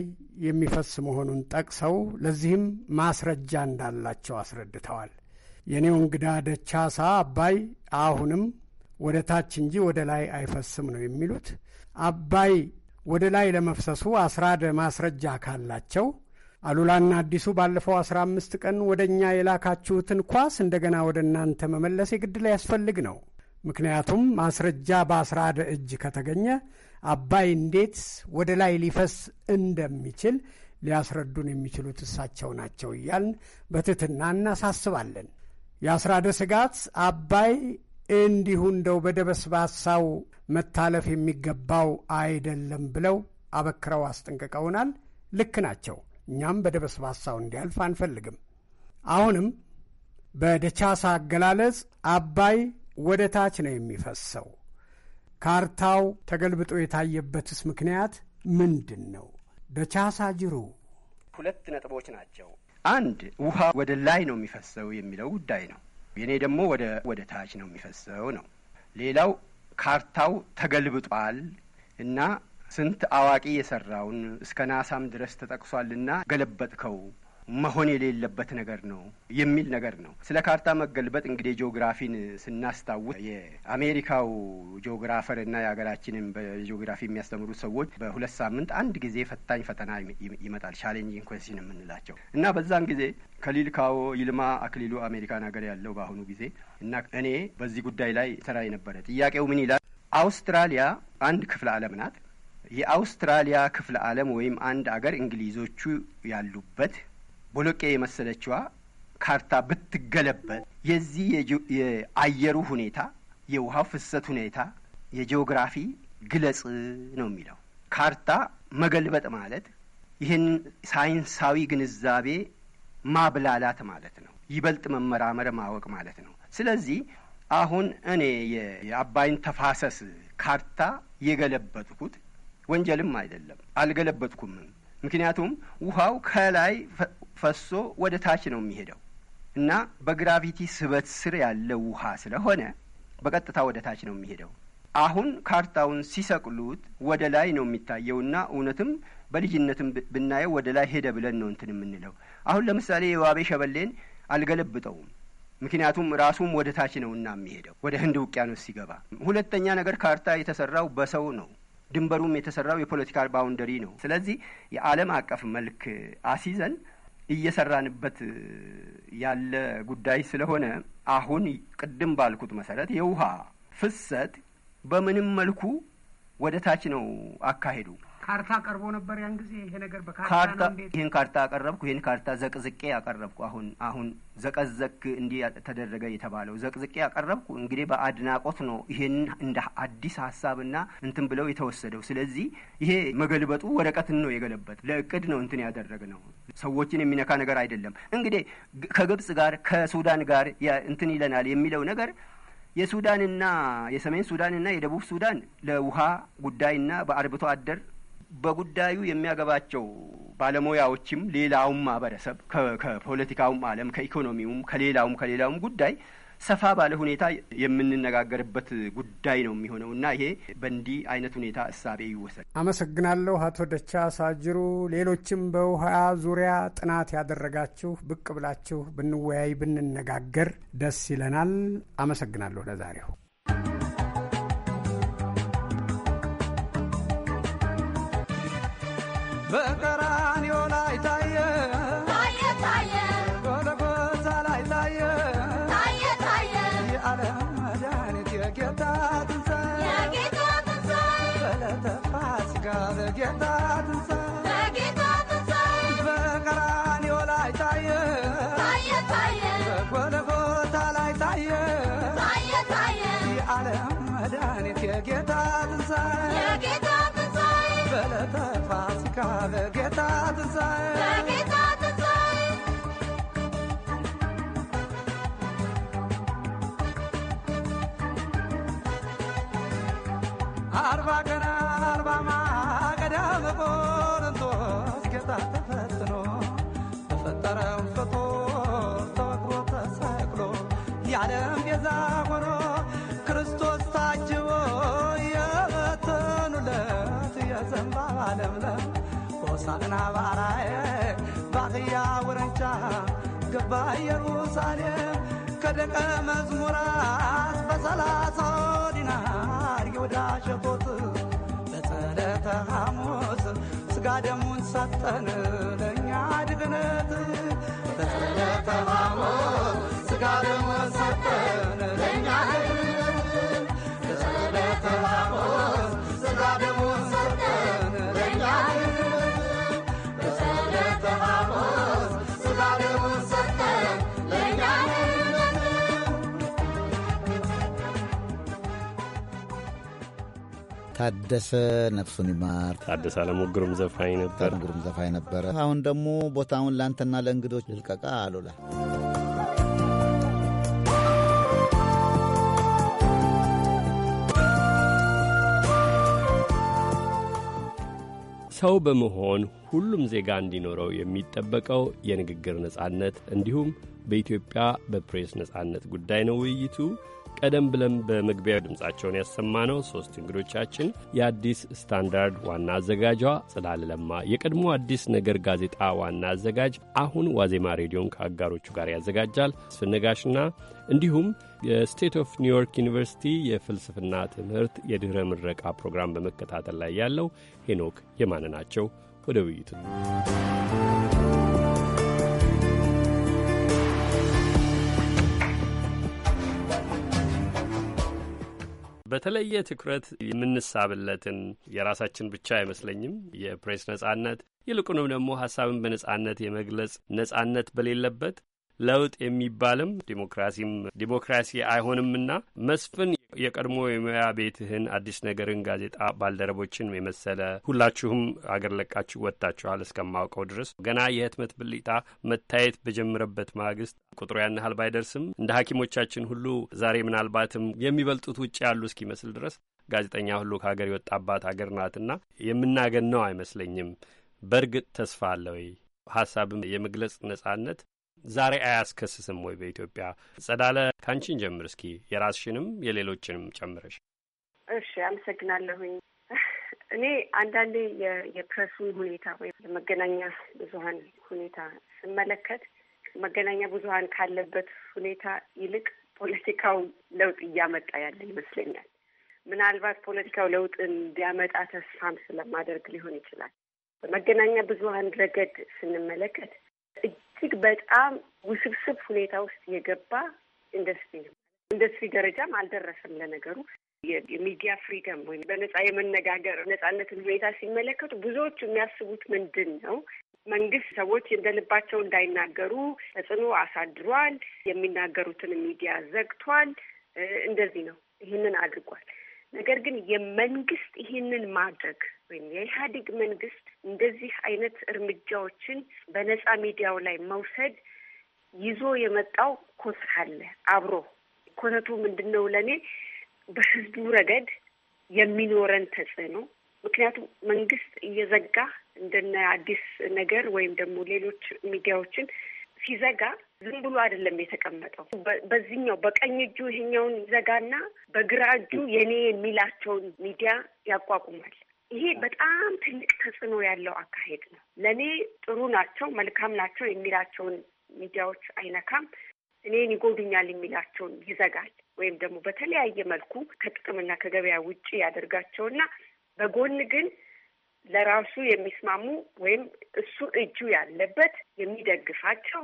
የሚፈስ መሆኑን ጠቅሰው ለዚህም ማስረጃ እንዳላቸው አስረድተዋል። የኔው እንግዳ ደቻሳ አባይ አሁንም ወደ ታች እንጂ ወደ ላይ አይፈስም ነው የሚሉት። አባይ ወደ ላይ ለመፍሰሱ አስራደ ማስረጃ ካላቸው አሉላና አዲሱ ባለፈው 15 ቀን ወደ እኛ የላካችሁትን ኳስ እንደገና ወደ እናንተ መመለስ የግድ ላይ ያስፈልግ ነው። ምክንያቱም ማስረጃ በአስራደ እጅ ከተገኘ አባይ እንዴት ወደ ላይ ሊፈስ እንደሚችል ሊያስረዱን የሚችሉት እሳቸው ናቸው እያልን በትህትና እናሳስባለን። የአስራደ ስጋት አባይ እንዲሁ እንደው በደበስባሳው መታለፍ የሚገባው አይደለም ብለው አበክረው አስጠንቅቀውናል። ልክ ናቸው። እኛም በደበስባሳው እንዲያልፍ አንፈልግም። አሁንም በደቻሳ አገላለጽ አባይ ወደ ታች ነው የሚፈሰው። ካርታው ተገልብጦ የታየበትስ ምክንያት ምንድን ነው? ደቻሳ ጅሩ ሁለት ነጥቦች ናቸው። አንድ ውሃ ወደ ላይ ነው የሚፈሰው የሚለው ጉዳይ ነው። የኔ ደግሞ ወደ ወደ ታች ነው የሚፈሰው ነው። ሌላው ካርታው ተገልብጧል እና ስንት አዋቂ የሰራውን እስከ ናሳም ድረስ ተጠቅሷልና ገለበጥከው መሆን የሌለበት ነገር ነው የሚል ነገር ነው። ስለ ካርታ መገልበጥ እንግዲህ ጂኦግራፊን ስናስታውስ የአሜሪካው ጂኦግራፈር እና የሀገራችንን በጂኦግራፊ የሚያስተምሩ ሰዎች በሁለት ሳምንት አንድ ጊዜ ፈታኝ ፈተና ይመጣል፣ ቻሌንጂንግ ኮስችን የምንላቸው እና በዛን ጊዜ ከሊል ካዎ ይልማ አክሊሉ አሜሪካን ሀገር ያለው በአሁኑ ጊዜ እና እኔ በዚህ ጉዳይ ላይ ሰራ የነበረ ጥያቄው ምን ይላል? አውስትራሊያ አንድ ክፍለ ዓለም ናት። የአውስትራሊያ ክፍለ ዓለም ወይም አንድ አገር እንግሊዞቹ ያሉበት ቦሎቄ የመሰለችዋ ካርታ ብትገለበት የዚህ የአየሩ ሁኔታ፣ የውሃው ፍሰት ሁኔታ የጂኦግራፊ ግለጽ ነው የሚለው ካርታ መገልበጥ ማለት ይህን ሳይንሳዊ ግንዛቤ ማብላላት ማለት ነው። ይበልጥ መመራመር ማወቅ ማለት ነው። ስለዚህ አሁን እኔ የአባይን ተፋሰስ ካርታ የገለበጥኩት ወንጀልም አይደለም። አልገለበጥኩምም። ምክንያቱም ውሃው ከላይ ፈሶ ወደ ታች ነው የሚሄደው እና በግራቪቲ ስበት ስር ያለ ውሃ ስለሆነ በቀጥታ ወደ ታች ነው የሚሄደው። አሁን ካርታውን ሲሰቅሉት ወደ ላይ ነው የሚታየውና እውነትም በልጅነትም ብናየው ወደ ላይ ሄደ ብለን ነው እንትን የምንለው። አሁን ለምሳሌ የዋቤ ሸበሌን አልገለብጠውም፣ ምክንያቱም ራሱም ወደ ታች ነውና የሚሄደው ወደ ህንድ ውቅያኖስ ሲገባ። ሁለተኛ ነገር ካርታ የተሰራው በሰው ነው። ድንበሩም የተሰራው የፖለቲካል ባውንደሪ ነው። ስለዚህ የዓለም አቀፍ መልክ አሲዘን እየሰራንበት ያለ ጉዳይ ስለሆነ አሁን ቅድም ባልኩት መሰረት የውሃ ፍሰት በምንም መልኩ ወደ ታች ነው አካሄዱ። ካርታ ቀርቦ ነበር ያን ጊዜ። ይሄ ነገር በካርታ ይህን ካርታ አቀረብኩ። ይህን ካርታ ዘቅዝቄ አቀረብኩ። አሁን አሁን ዘቀዘክ እንዲህ ተደረገ የተባለው ዘቅዝቄ አቀረብኩ። እንግዲህ በአድናቆት ነው ይህን እንደ አዲስ ሀሳብና እንትን ብለው የተወሰደው። ስለዚህ ይሄ መገልበጡ ወረቀትን ነው የገለበት። ለእቅድ ነው እንትን ያደረግ ነው። ሰዎችን የሚነካ ነገር አይደለም። እንግዲህ ከግብጽ ጋር ከሱዳን ጋር እንትን ይለናል የሚለው ነገር የሱዳንና የሰሜን ሱዳንና የደቡብ ሱዳን ለውሃ ጉዳይና በአርብቶ አደር በጉዳዩ የሚያገባቸው ባለሙያዎችም ሌላውም ማህበረሰብ ከፖለቲካውም ዓለም ከኢኮኖሚውም ከሌላውም ከሌላውም ጉዳይ ሰፋ ባለ ሁኔታ የምንነጋገርበት ጉዳይ ነው የሚሆነው እና ይሄ በእንዲህ አይነት ሁኔታ እሳቤ ይወሰድ። አመሰግናለሁ አቶ ደቻ ጅሩ። ሌሎችም በውሃ ዙሪያ ጥናት ያደረጋችሁ ብቅ ብላችሁ ብንወያይ ብንነጋገር ደስ ይለናል። አመሰግናለሁ ለዛሬው በቀራ ተፈትኖ ተፈጠረም ፍቶ ተወግሮ ተሰቅሎ የዓለም ቤዛ ሆኖ ክርስቶስ ታጅቦ የበተኑለት የዘንባባ ለምለም ሆሳዕና ባራዬ ባሕያ ውርንጫ ገባ ኢየሩሳሌም ከደቀ መዝሙራት በሰላሳው ዲናር ይሁዳ ሸጦት በጸለተ ሐሙስ ስጋ ደሙን ሰጠን ለእኛ ድህነት ተሰለተ ስጋ ደሙን ሰጠን ታደሰ ነፍሱን ይማር። ታደሰ አለሙ ዘፋኝ ነበር፣ ግሩም ዘፋኝ ነበረ። አሁን ደግሞ ቦታውን ለአንተና ለእንግዶች ልልቀቃ አሉላ ሰው በመሆን ሁሉም ዜጋ እንዲኖረው የሚጠበቀው የንግግር ነጻነት እንዲሁም በኢትዮጵያ በፕሬስ ነጻነት ጉዳይ ነው ውይይቱ። ቀደም ብለን በመግቢያው ድምፃቸውን ያሰማነው ሶስት እንግዶቻችን የአዲስ ስታንዳርድ ዋና አዘጋጇ ጽላል ለማ፣ የቀድሞ አዲስ ነገር ጋዜጣ ዋና አዘጋጅ አሁን ዋዜማ ሬዲዮን ከአጋሮቹ ጋር ያዘጋጃል ስፍነጋሽና እንዲሁም የስቴት ኦፍ ኒውዮርክ ዩኒቨርሲቲ የፍልስፍና ትምህርት የድኅረ ምረቃ ፕሮግራም በመከታተል ላይ ያለው ሄኖክ የማነ ናቸው። ወደ ውይይቱ በተለየ ትኩረት የምንሳብለትን የራሳችን ብቻ አይመስለኝም የፕሬስ ነጻነት ይልቁንም ደግሞ ሀሳብን በነጻነት የመግለጽ ነጻነት በሌለበት ለውጥ የሚባልም ዲሞክራሲም ዲሞክራሲ አይሆንምና መስፍን የቀድሞ የሙያ ቤትህን አዲስ ነገርን ጋዜጣ ባልደረቦችን የመሰለ ሁላችሁም አገር ለቃችሁ ወጥታችኋል። እስከማውቀው ድረስ ገና የህትመት ብልጭታ መታየት በጀመረበት ማግስት ቁጥሩ ያን ያህል ባይደርስም እንደ ሐኪሞቻችን ሁሉ ዛሬ ምናልባትም የሚበልጡት ውጭ ያሉ እስኪመስል ድረስ ጋዜጠኛ ሁሉ ከሀገር የወጣባት አገር ናትና የምናገን ነው አይመስለኝም። በእርግጥ ተስፋ አለ ወይ? ሀሳብም የመግለጽ ነጻነት ዛሬ አያስከስስም ወይ በኢትዮጵያ? ጸዳለ ካንቺን ጀምር እስኪ የራስሽንም የሌሎችንም ጨምረሽ። እሺ አመሰግናለሁኝ። እኔ አንዳንዴ የፕሬሱን ሁኔታ ወይም የመገናኛ ብዙሀን ሁኔታ ስመለከት መገናኛ ብዙሀን ካለበት ሁኔታ ይልቅ ፖለቲካው ለውጥ እያመጣ ያለ ይመስለኛል። ምናልባት ፖለቲካው ለውጥ እንዲያመጣ ተስፋም ስለማደርግ ሊሆን ይችላል። በመገናኛ ብዙሀን ረገድ ስንመለከት እጅግ በጣም ውስብስብ ሁኔታ ውስጥ የገባ ኢንዱስትሪ ነው። ኢንዱስትሪ ደረጃም አልደረሰም። ለነገሩ የሚዲያ ፍሪደም ወይም በነጻ የመነጋገር ነጻነትን ሁኔታ ሲመለከቱ ብዙዎቹ የሚያስቡት ምንድን ነው መንግስት ሰዎች እንደልባቸው እንዳይናገሩ ተጽዕኖ አሳድሯል፣ የሚናገሩትን ሚዲያ ዘግቷል፣ እንደዚህ ነው፣ ይህንን አድርጓል። ነገር ግን የመንግስት ይህንን ማድረግ ወይም የኢህአዴግ መንግስት እንደዚህ አይነት እርምጃዎችን በነጻ ሚዲያው ላይ መውሰድ ይዞ የመጣው ኮተት አለ አብሮ። ኮተቱ ምንድን ነው? ለእኔ በህዝቡ ረገድ የሚኖረን ተጽዕኖ ምክንያቱም መንግስት እየዘጋ እንደነ አዲስ ነገር ወይም ደግሞ ሌሎች ሚዲያዎችን ሲዘጋ ዝም ብሎ አይደለም የተቀመጠው። በዚህኛው በቀኝ እጁ ይሄኛውን ይዘጋና በግራ እጁ የኔ የሚላቸውን ሚዲያ ያቋቁማል። ይሄ በጣም ትልቅ ተጽዕኖ ያለው አካሄድ ነው። ለእኔ ጥሩ ናቸው፣ መልካም ናቸው የሚላቸውን ሚዲያዎች አይነካም። እኔን ይጎዱኛል የሚላቸውን ይዘጋል። ወይም ደግሞ በተለያየ መልኩ ከጥቅምና ከገበያ ውጭ ያደርጋቸውና በጎን ግን ለራሱ የሚስማሙ ወይም እሱ እጁ ያለበት የሚደግፋቸው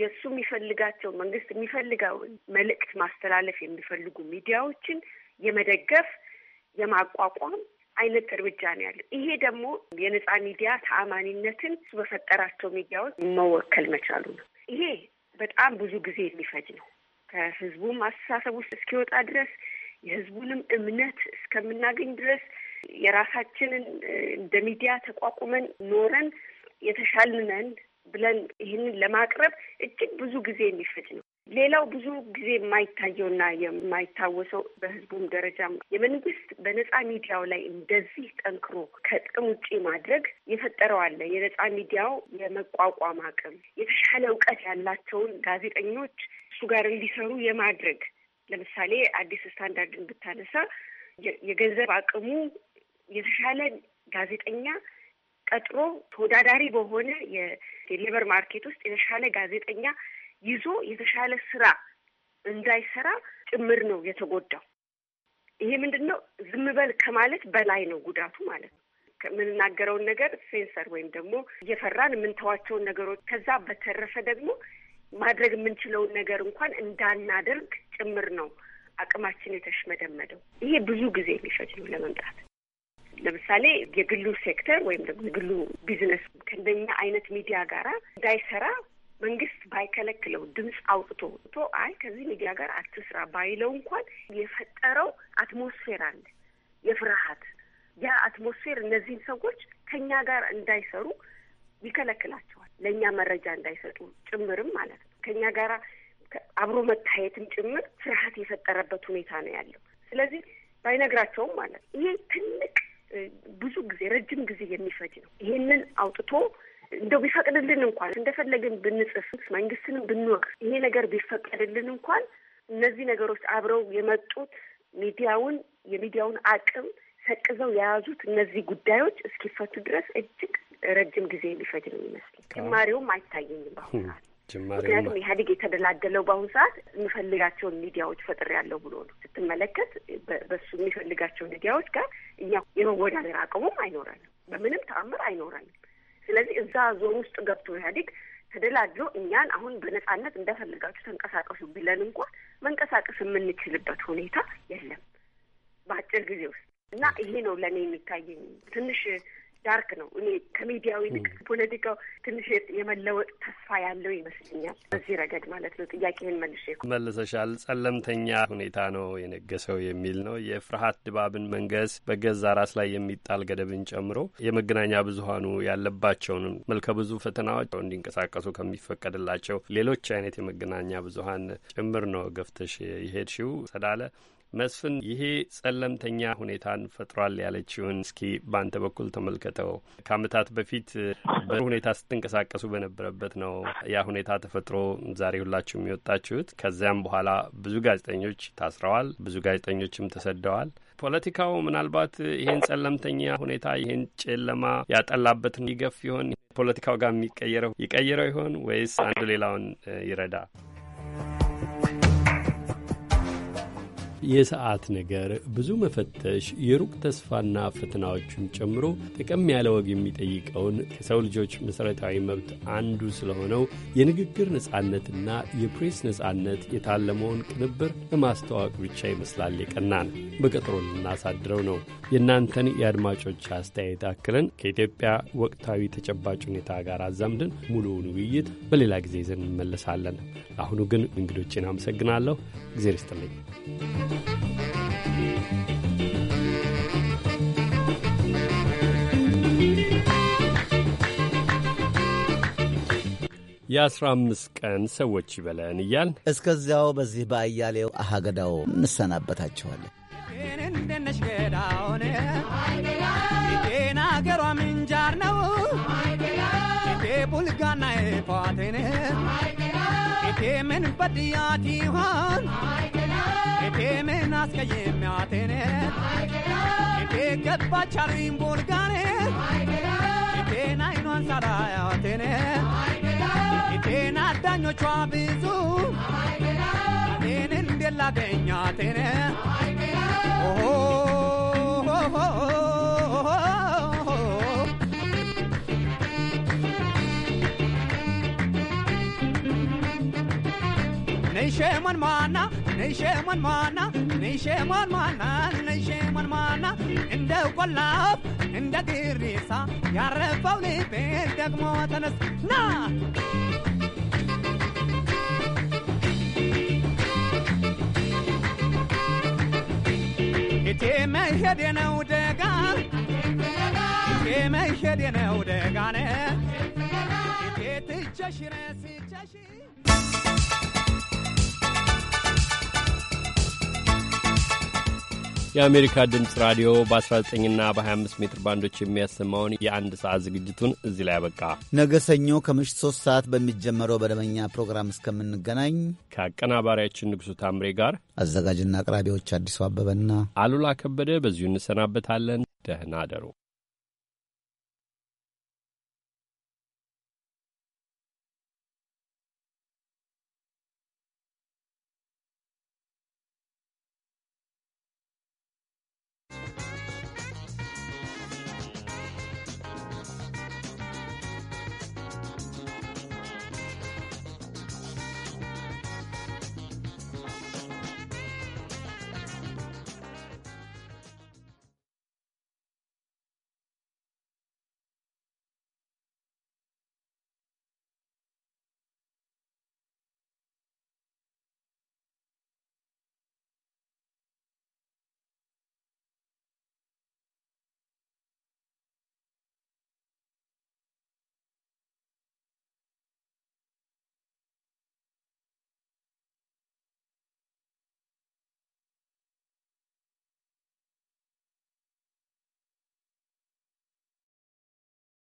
የእሱ የሚፈልጋቸው መንግስት የሚፈልገውን መልእክት ማስተላለፍ የሚፈልጉ ሚዲያዎችን የመደገፍ የማቋቋም አይነት እርምጃ ነው ያለው። ይሄ ደግሞ የነጻ ሚዲያ ተአማኒነትን በፈጠራቸው ሚዲያዎች መወከል መቻሉ ነው። ይሄ በጣም ብዙ ጊዜ የሚፈጅ ነው። ከህዝቡም አስተሳሰብ ውስጥ እስኪወጣ ድረስ የህዝቡንም እምነት እስከምናገኝ ድረስ የራሳችንን እንደ ሚዲያ ተቋቁመን ኖረን የተሻልነን ብለን ይህንን ለማቅረብ እጅግ ብዙ ጊዜ የሚፈጅ ነው። ሌላው ብዙ ጊዜ የማይታየውና የማይታወሰው በህዝቡም ደረጃ የመንግስት በነጻ ሚዲያው ላይ እንደዚህ ጠንክሮ ከጥቅም ውጪ ማድረግ የፈጠረው አለ። የነጻ ሚዲያው የመቋቋም አቅም የተሻለ እውቀት ያላቸውን ጋዜጠኞች እሱ ጋር እንዲሰሩ የማድረግ ለምሳሌ አዲስ ስታንዳርድን ብታነሳ የገንዘብ አቅሙ የተሻለ ጋዜጠኛ ቀጥሮ ተወዳዳሪ በሆነ የሌበር ማርኬት ውስጥ የተሻለ ጋዜጠኛ ይዞ የተሻለ ስራ እንዳይሰራ ጭምር ነው የተጎዳው። ይሄ ምንድን ነው? ዝም በል ከማለት በላይ ነው ጉዳቱ ማለት ነው። የምንናገረውን ነገር ሴንሰር ወይም ደግሞ እየፈራን የምንተዋቸውን ነገሮች፣ ከዛ በተረፈ ደግሞ ማድረግ የምንችለውን ነገር እንኳን እንዳናደርግ ጭምር ነው አቅማችን የተሽመደመደው። ይሄ ብዙ ጊዜ የሚፈጅ ነው ለመምጣት ለምሳሌ የግሉ ሴክተር ወይም ደግሞ የግሉ ቢዝነስ ከእንደኛ አይነት ሚዲያ ጋራ እንዳይሰራ መንግስት ባይከለክለው ድምፅ አውጥቶ ቶ አይ ከዚህ ሚዲያ ጋር አትስራ ባይለው እንኳን የፈጠረው አትሞስፌር አለ፣ የፍርሃት ያ አትሞስፌር እነዚህን ሰዎች ከእኛ ጋር እንዳይሰሩ ይከለክላቸዋል። ለእኛ መረጃ እንዳይሰጡ ጭምርም ማለት ነው። ከእኛ ጋር አብሮ መታየትም ጭምር ፍርሃት የፈጠረበት ሁኔታ ነው ያለው። ስለዚህ ባይነግራቸውም ማለት ነው ይሄ ትልቅ ብዙ ጊዜ ረጅም ጊዜ የሚፈጅ ነው። ይሄንን አውጥቶ እንደው ቢፈቅድልን እንኳን እንደፈለግን ብንጽፍ መንግስትንም ብንወቅስ ይሄ ነገር ቢፈቀድልን እንኳን እነዚህ ነገሮች አብረው የመጡት ሚዲያውን የሚዲያውን አቅም ሰቅዘው የያዙት እነዚህ ጉዳዮች እስኪፈቱ ድረስ እጅግ ረጅም ጊዜ ሊፈጅ ነው ይመስል ጭማሪውም አይታየኝም በአሁኑ ሰዓት። ምክንያቱም ኢህአዴግ የተደላደለው በአሁኑ ሰዓት የሚፈልጋቸውን ሚዲያዎች ፈጥር ያለው ብሎ ነው። ስትመለከት በሱ የሚፈልጋቸው ሚዲያዎች ጋር እኛ የመወዳደር አቅሙም አይኖረንም፣ በምንም ተአምር አይኖረንም። ስለዚህ እዛ ዞን ውስጥ ገብቶ ኢህአዴግ ተደላድሎ እኛን አሁን በነጻነት እንደፈልጋችሁ ተንቀሳቀሱ ቢለን እንኳን መንቀሳቀስ የምንችልበት ሁኔታ የለም በአጭር ጊዜ ውስጥ እና ይሄ ነው ለእኔ የሚታየኝ ትንሽ ዳርክ ነው። እኔ ከሚዲያው ይልቅ ፖለቲካው ትንሽ የመለወጥ ተስፋ ያለው ይመስለኛል። በዚህ ረገድ ማለት ነው። ጥያቄህን መልሼ መልሰሻል። ጸለምተኛ ሁኔታ ነው የነገሰው የሚል ነው። የፍርሀት ድባብን መንገስ በገዛ ራስ ላይ የሚጣል ገደብን ጨምሮ የመገናኛ ብዙሀኑ ያለባቸውን መልከ ብዙ ፈተናዎች እንዲንቀሳቀሱ ከሚፈቀድላቸው ሌሎች አይነት የመገናኛ ብዙሀን ጭምር ነው ገፍተሽ የሄድሽው ሰዳለ መስፍን፣ ይሄ ጸለምተኛ ሁኔታን ፈጥሯል ያለችውን እስኪ በአንተ በኩል ተመልከተው። ከአመታት በፊት በጥሩ ሁኔታ ስትንቀሳቀሱ በነበረበት ነው ያ ሁኔታ ተፈጥሮ ዛሬ ሁላችሁ የሚወጣችሁት። ከዚያም በኋላ ብዙ ጋዜጠኞች ታስረዋል፣ ብዙ ጋዜጠኞችም ተሰደዋል። ፖለቲካው ምናልባት ይሄን ጸለምተኛ ሁኔታ ይሄን ጨለማ ያጠላበትን ይገፍ ይሆን? ፖለቲካው ጋር የሚቀየረው ይቀየረው ይሆን ወይስ አንዱ ሌላውን ይረዳ? የሰዓት ነገር ብዙ መፈተሽ የሩቅ ተስፋና ፈተናዎቹን ጨምሮ ጥቅም ያለ ወግ የሚጠይቀውን ከሰው ልጆች መሠረታዊ መብት አንዱ ስለሆነው የንግግር ነጻነትና የፕሬስ ነጻነት የታለመውን ቅንብር ለማስተዋወቅ ብቻ ይመስላል የቀናን በቀጠሮ ልናሳድረው ነው። የእናንተን የአድማጮች አስተያየት አክለን ከኢትዮጵያ ወቅታዊ ተጨባጭ ሁኔታ ጋር አዛምድን ሙሉውን ውይይት በሌላ ጊዜ ይዘን እንመለሳለን። አሁኑ ግን እንግዶቼን አመሰግናለሁ። እግዜር ይስጥልኝ። የአስራ አምስት ቀን ሰዎች ይበለን እያል እስከዚያው በዚህ በአያሌው አሃገዳው እንሰናበታችኋለን። እንደነሽ ገዳውን ጤና አገሯ ምንጃር ነው ቴ ቡልጋና ፏቴን ቴ ምን በድያት ይሆን እቴ ገባች ገባቻሉኝ ቦልጋኔ እንዴን አይኗን ሳላያቴን እንዴን አዳኞቿ ብዙ እቴን እንዴት ላገኛቴን ኦሆ Nishe man mana, Nishe man mana, Nishe man mana, Nishe man mana, in the Golab, in the Girisa, Yarefal, Motanas, na. መሄድ ነው ደጋን መሄድ ነው ደጋን ትቸሽረ ስቸሽ የአሜሪካ ድምፅ ራዲዮ በ19ና በ25 ሜትር ባንዶች የሚያሰማውን የአንድ ሰዓት ዝግጅቱን እዚህ ላይ ያበቃ። ነገ ሰኞ ከምሽት 3 ሰዓት በሚጀመረው በደመኛ ፕሮግራም እስከምንገናኝ ከአቀናባሪያችን ንጉሡ ታምሬ ጋር አዘጋጅና አቅራቢዎች አዲሱ አበበና አሉላ ከበደ በዚሁ እንሰናበታለን። ደህና አደሩ።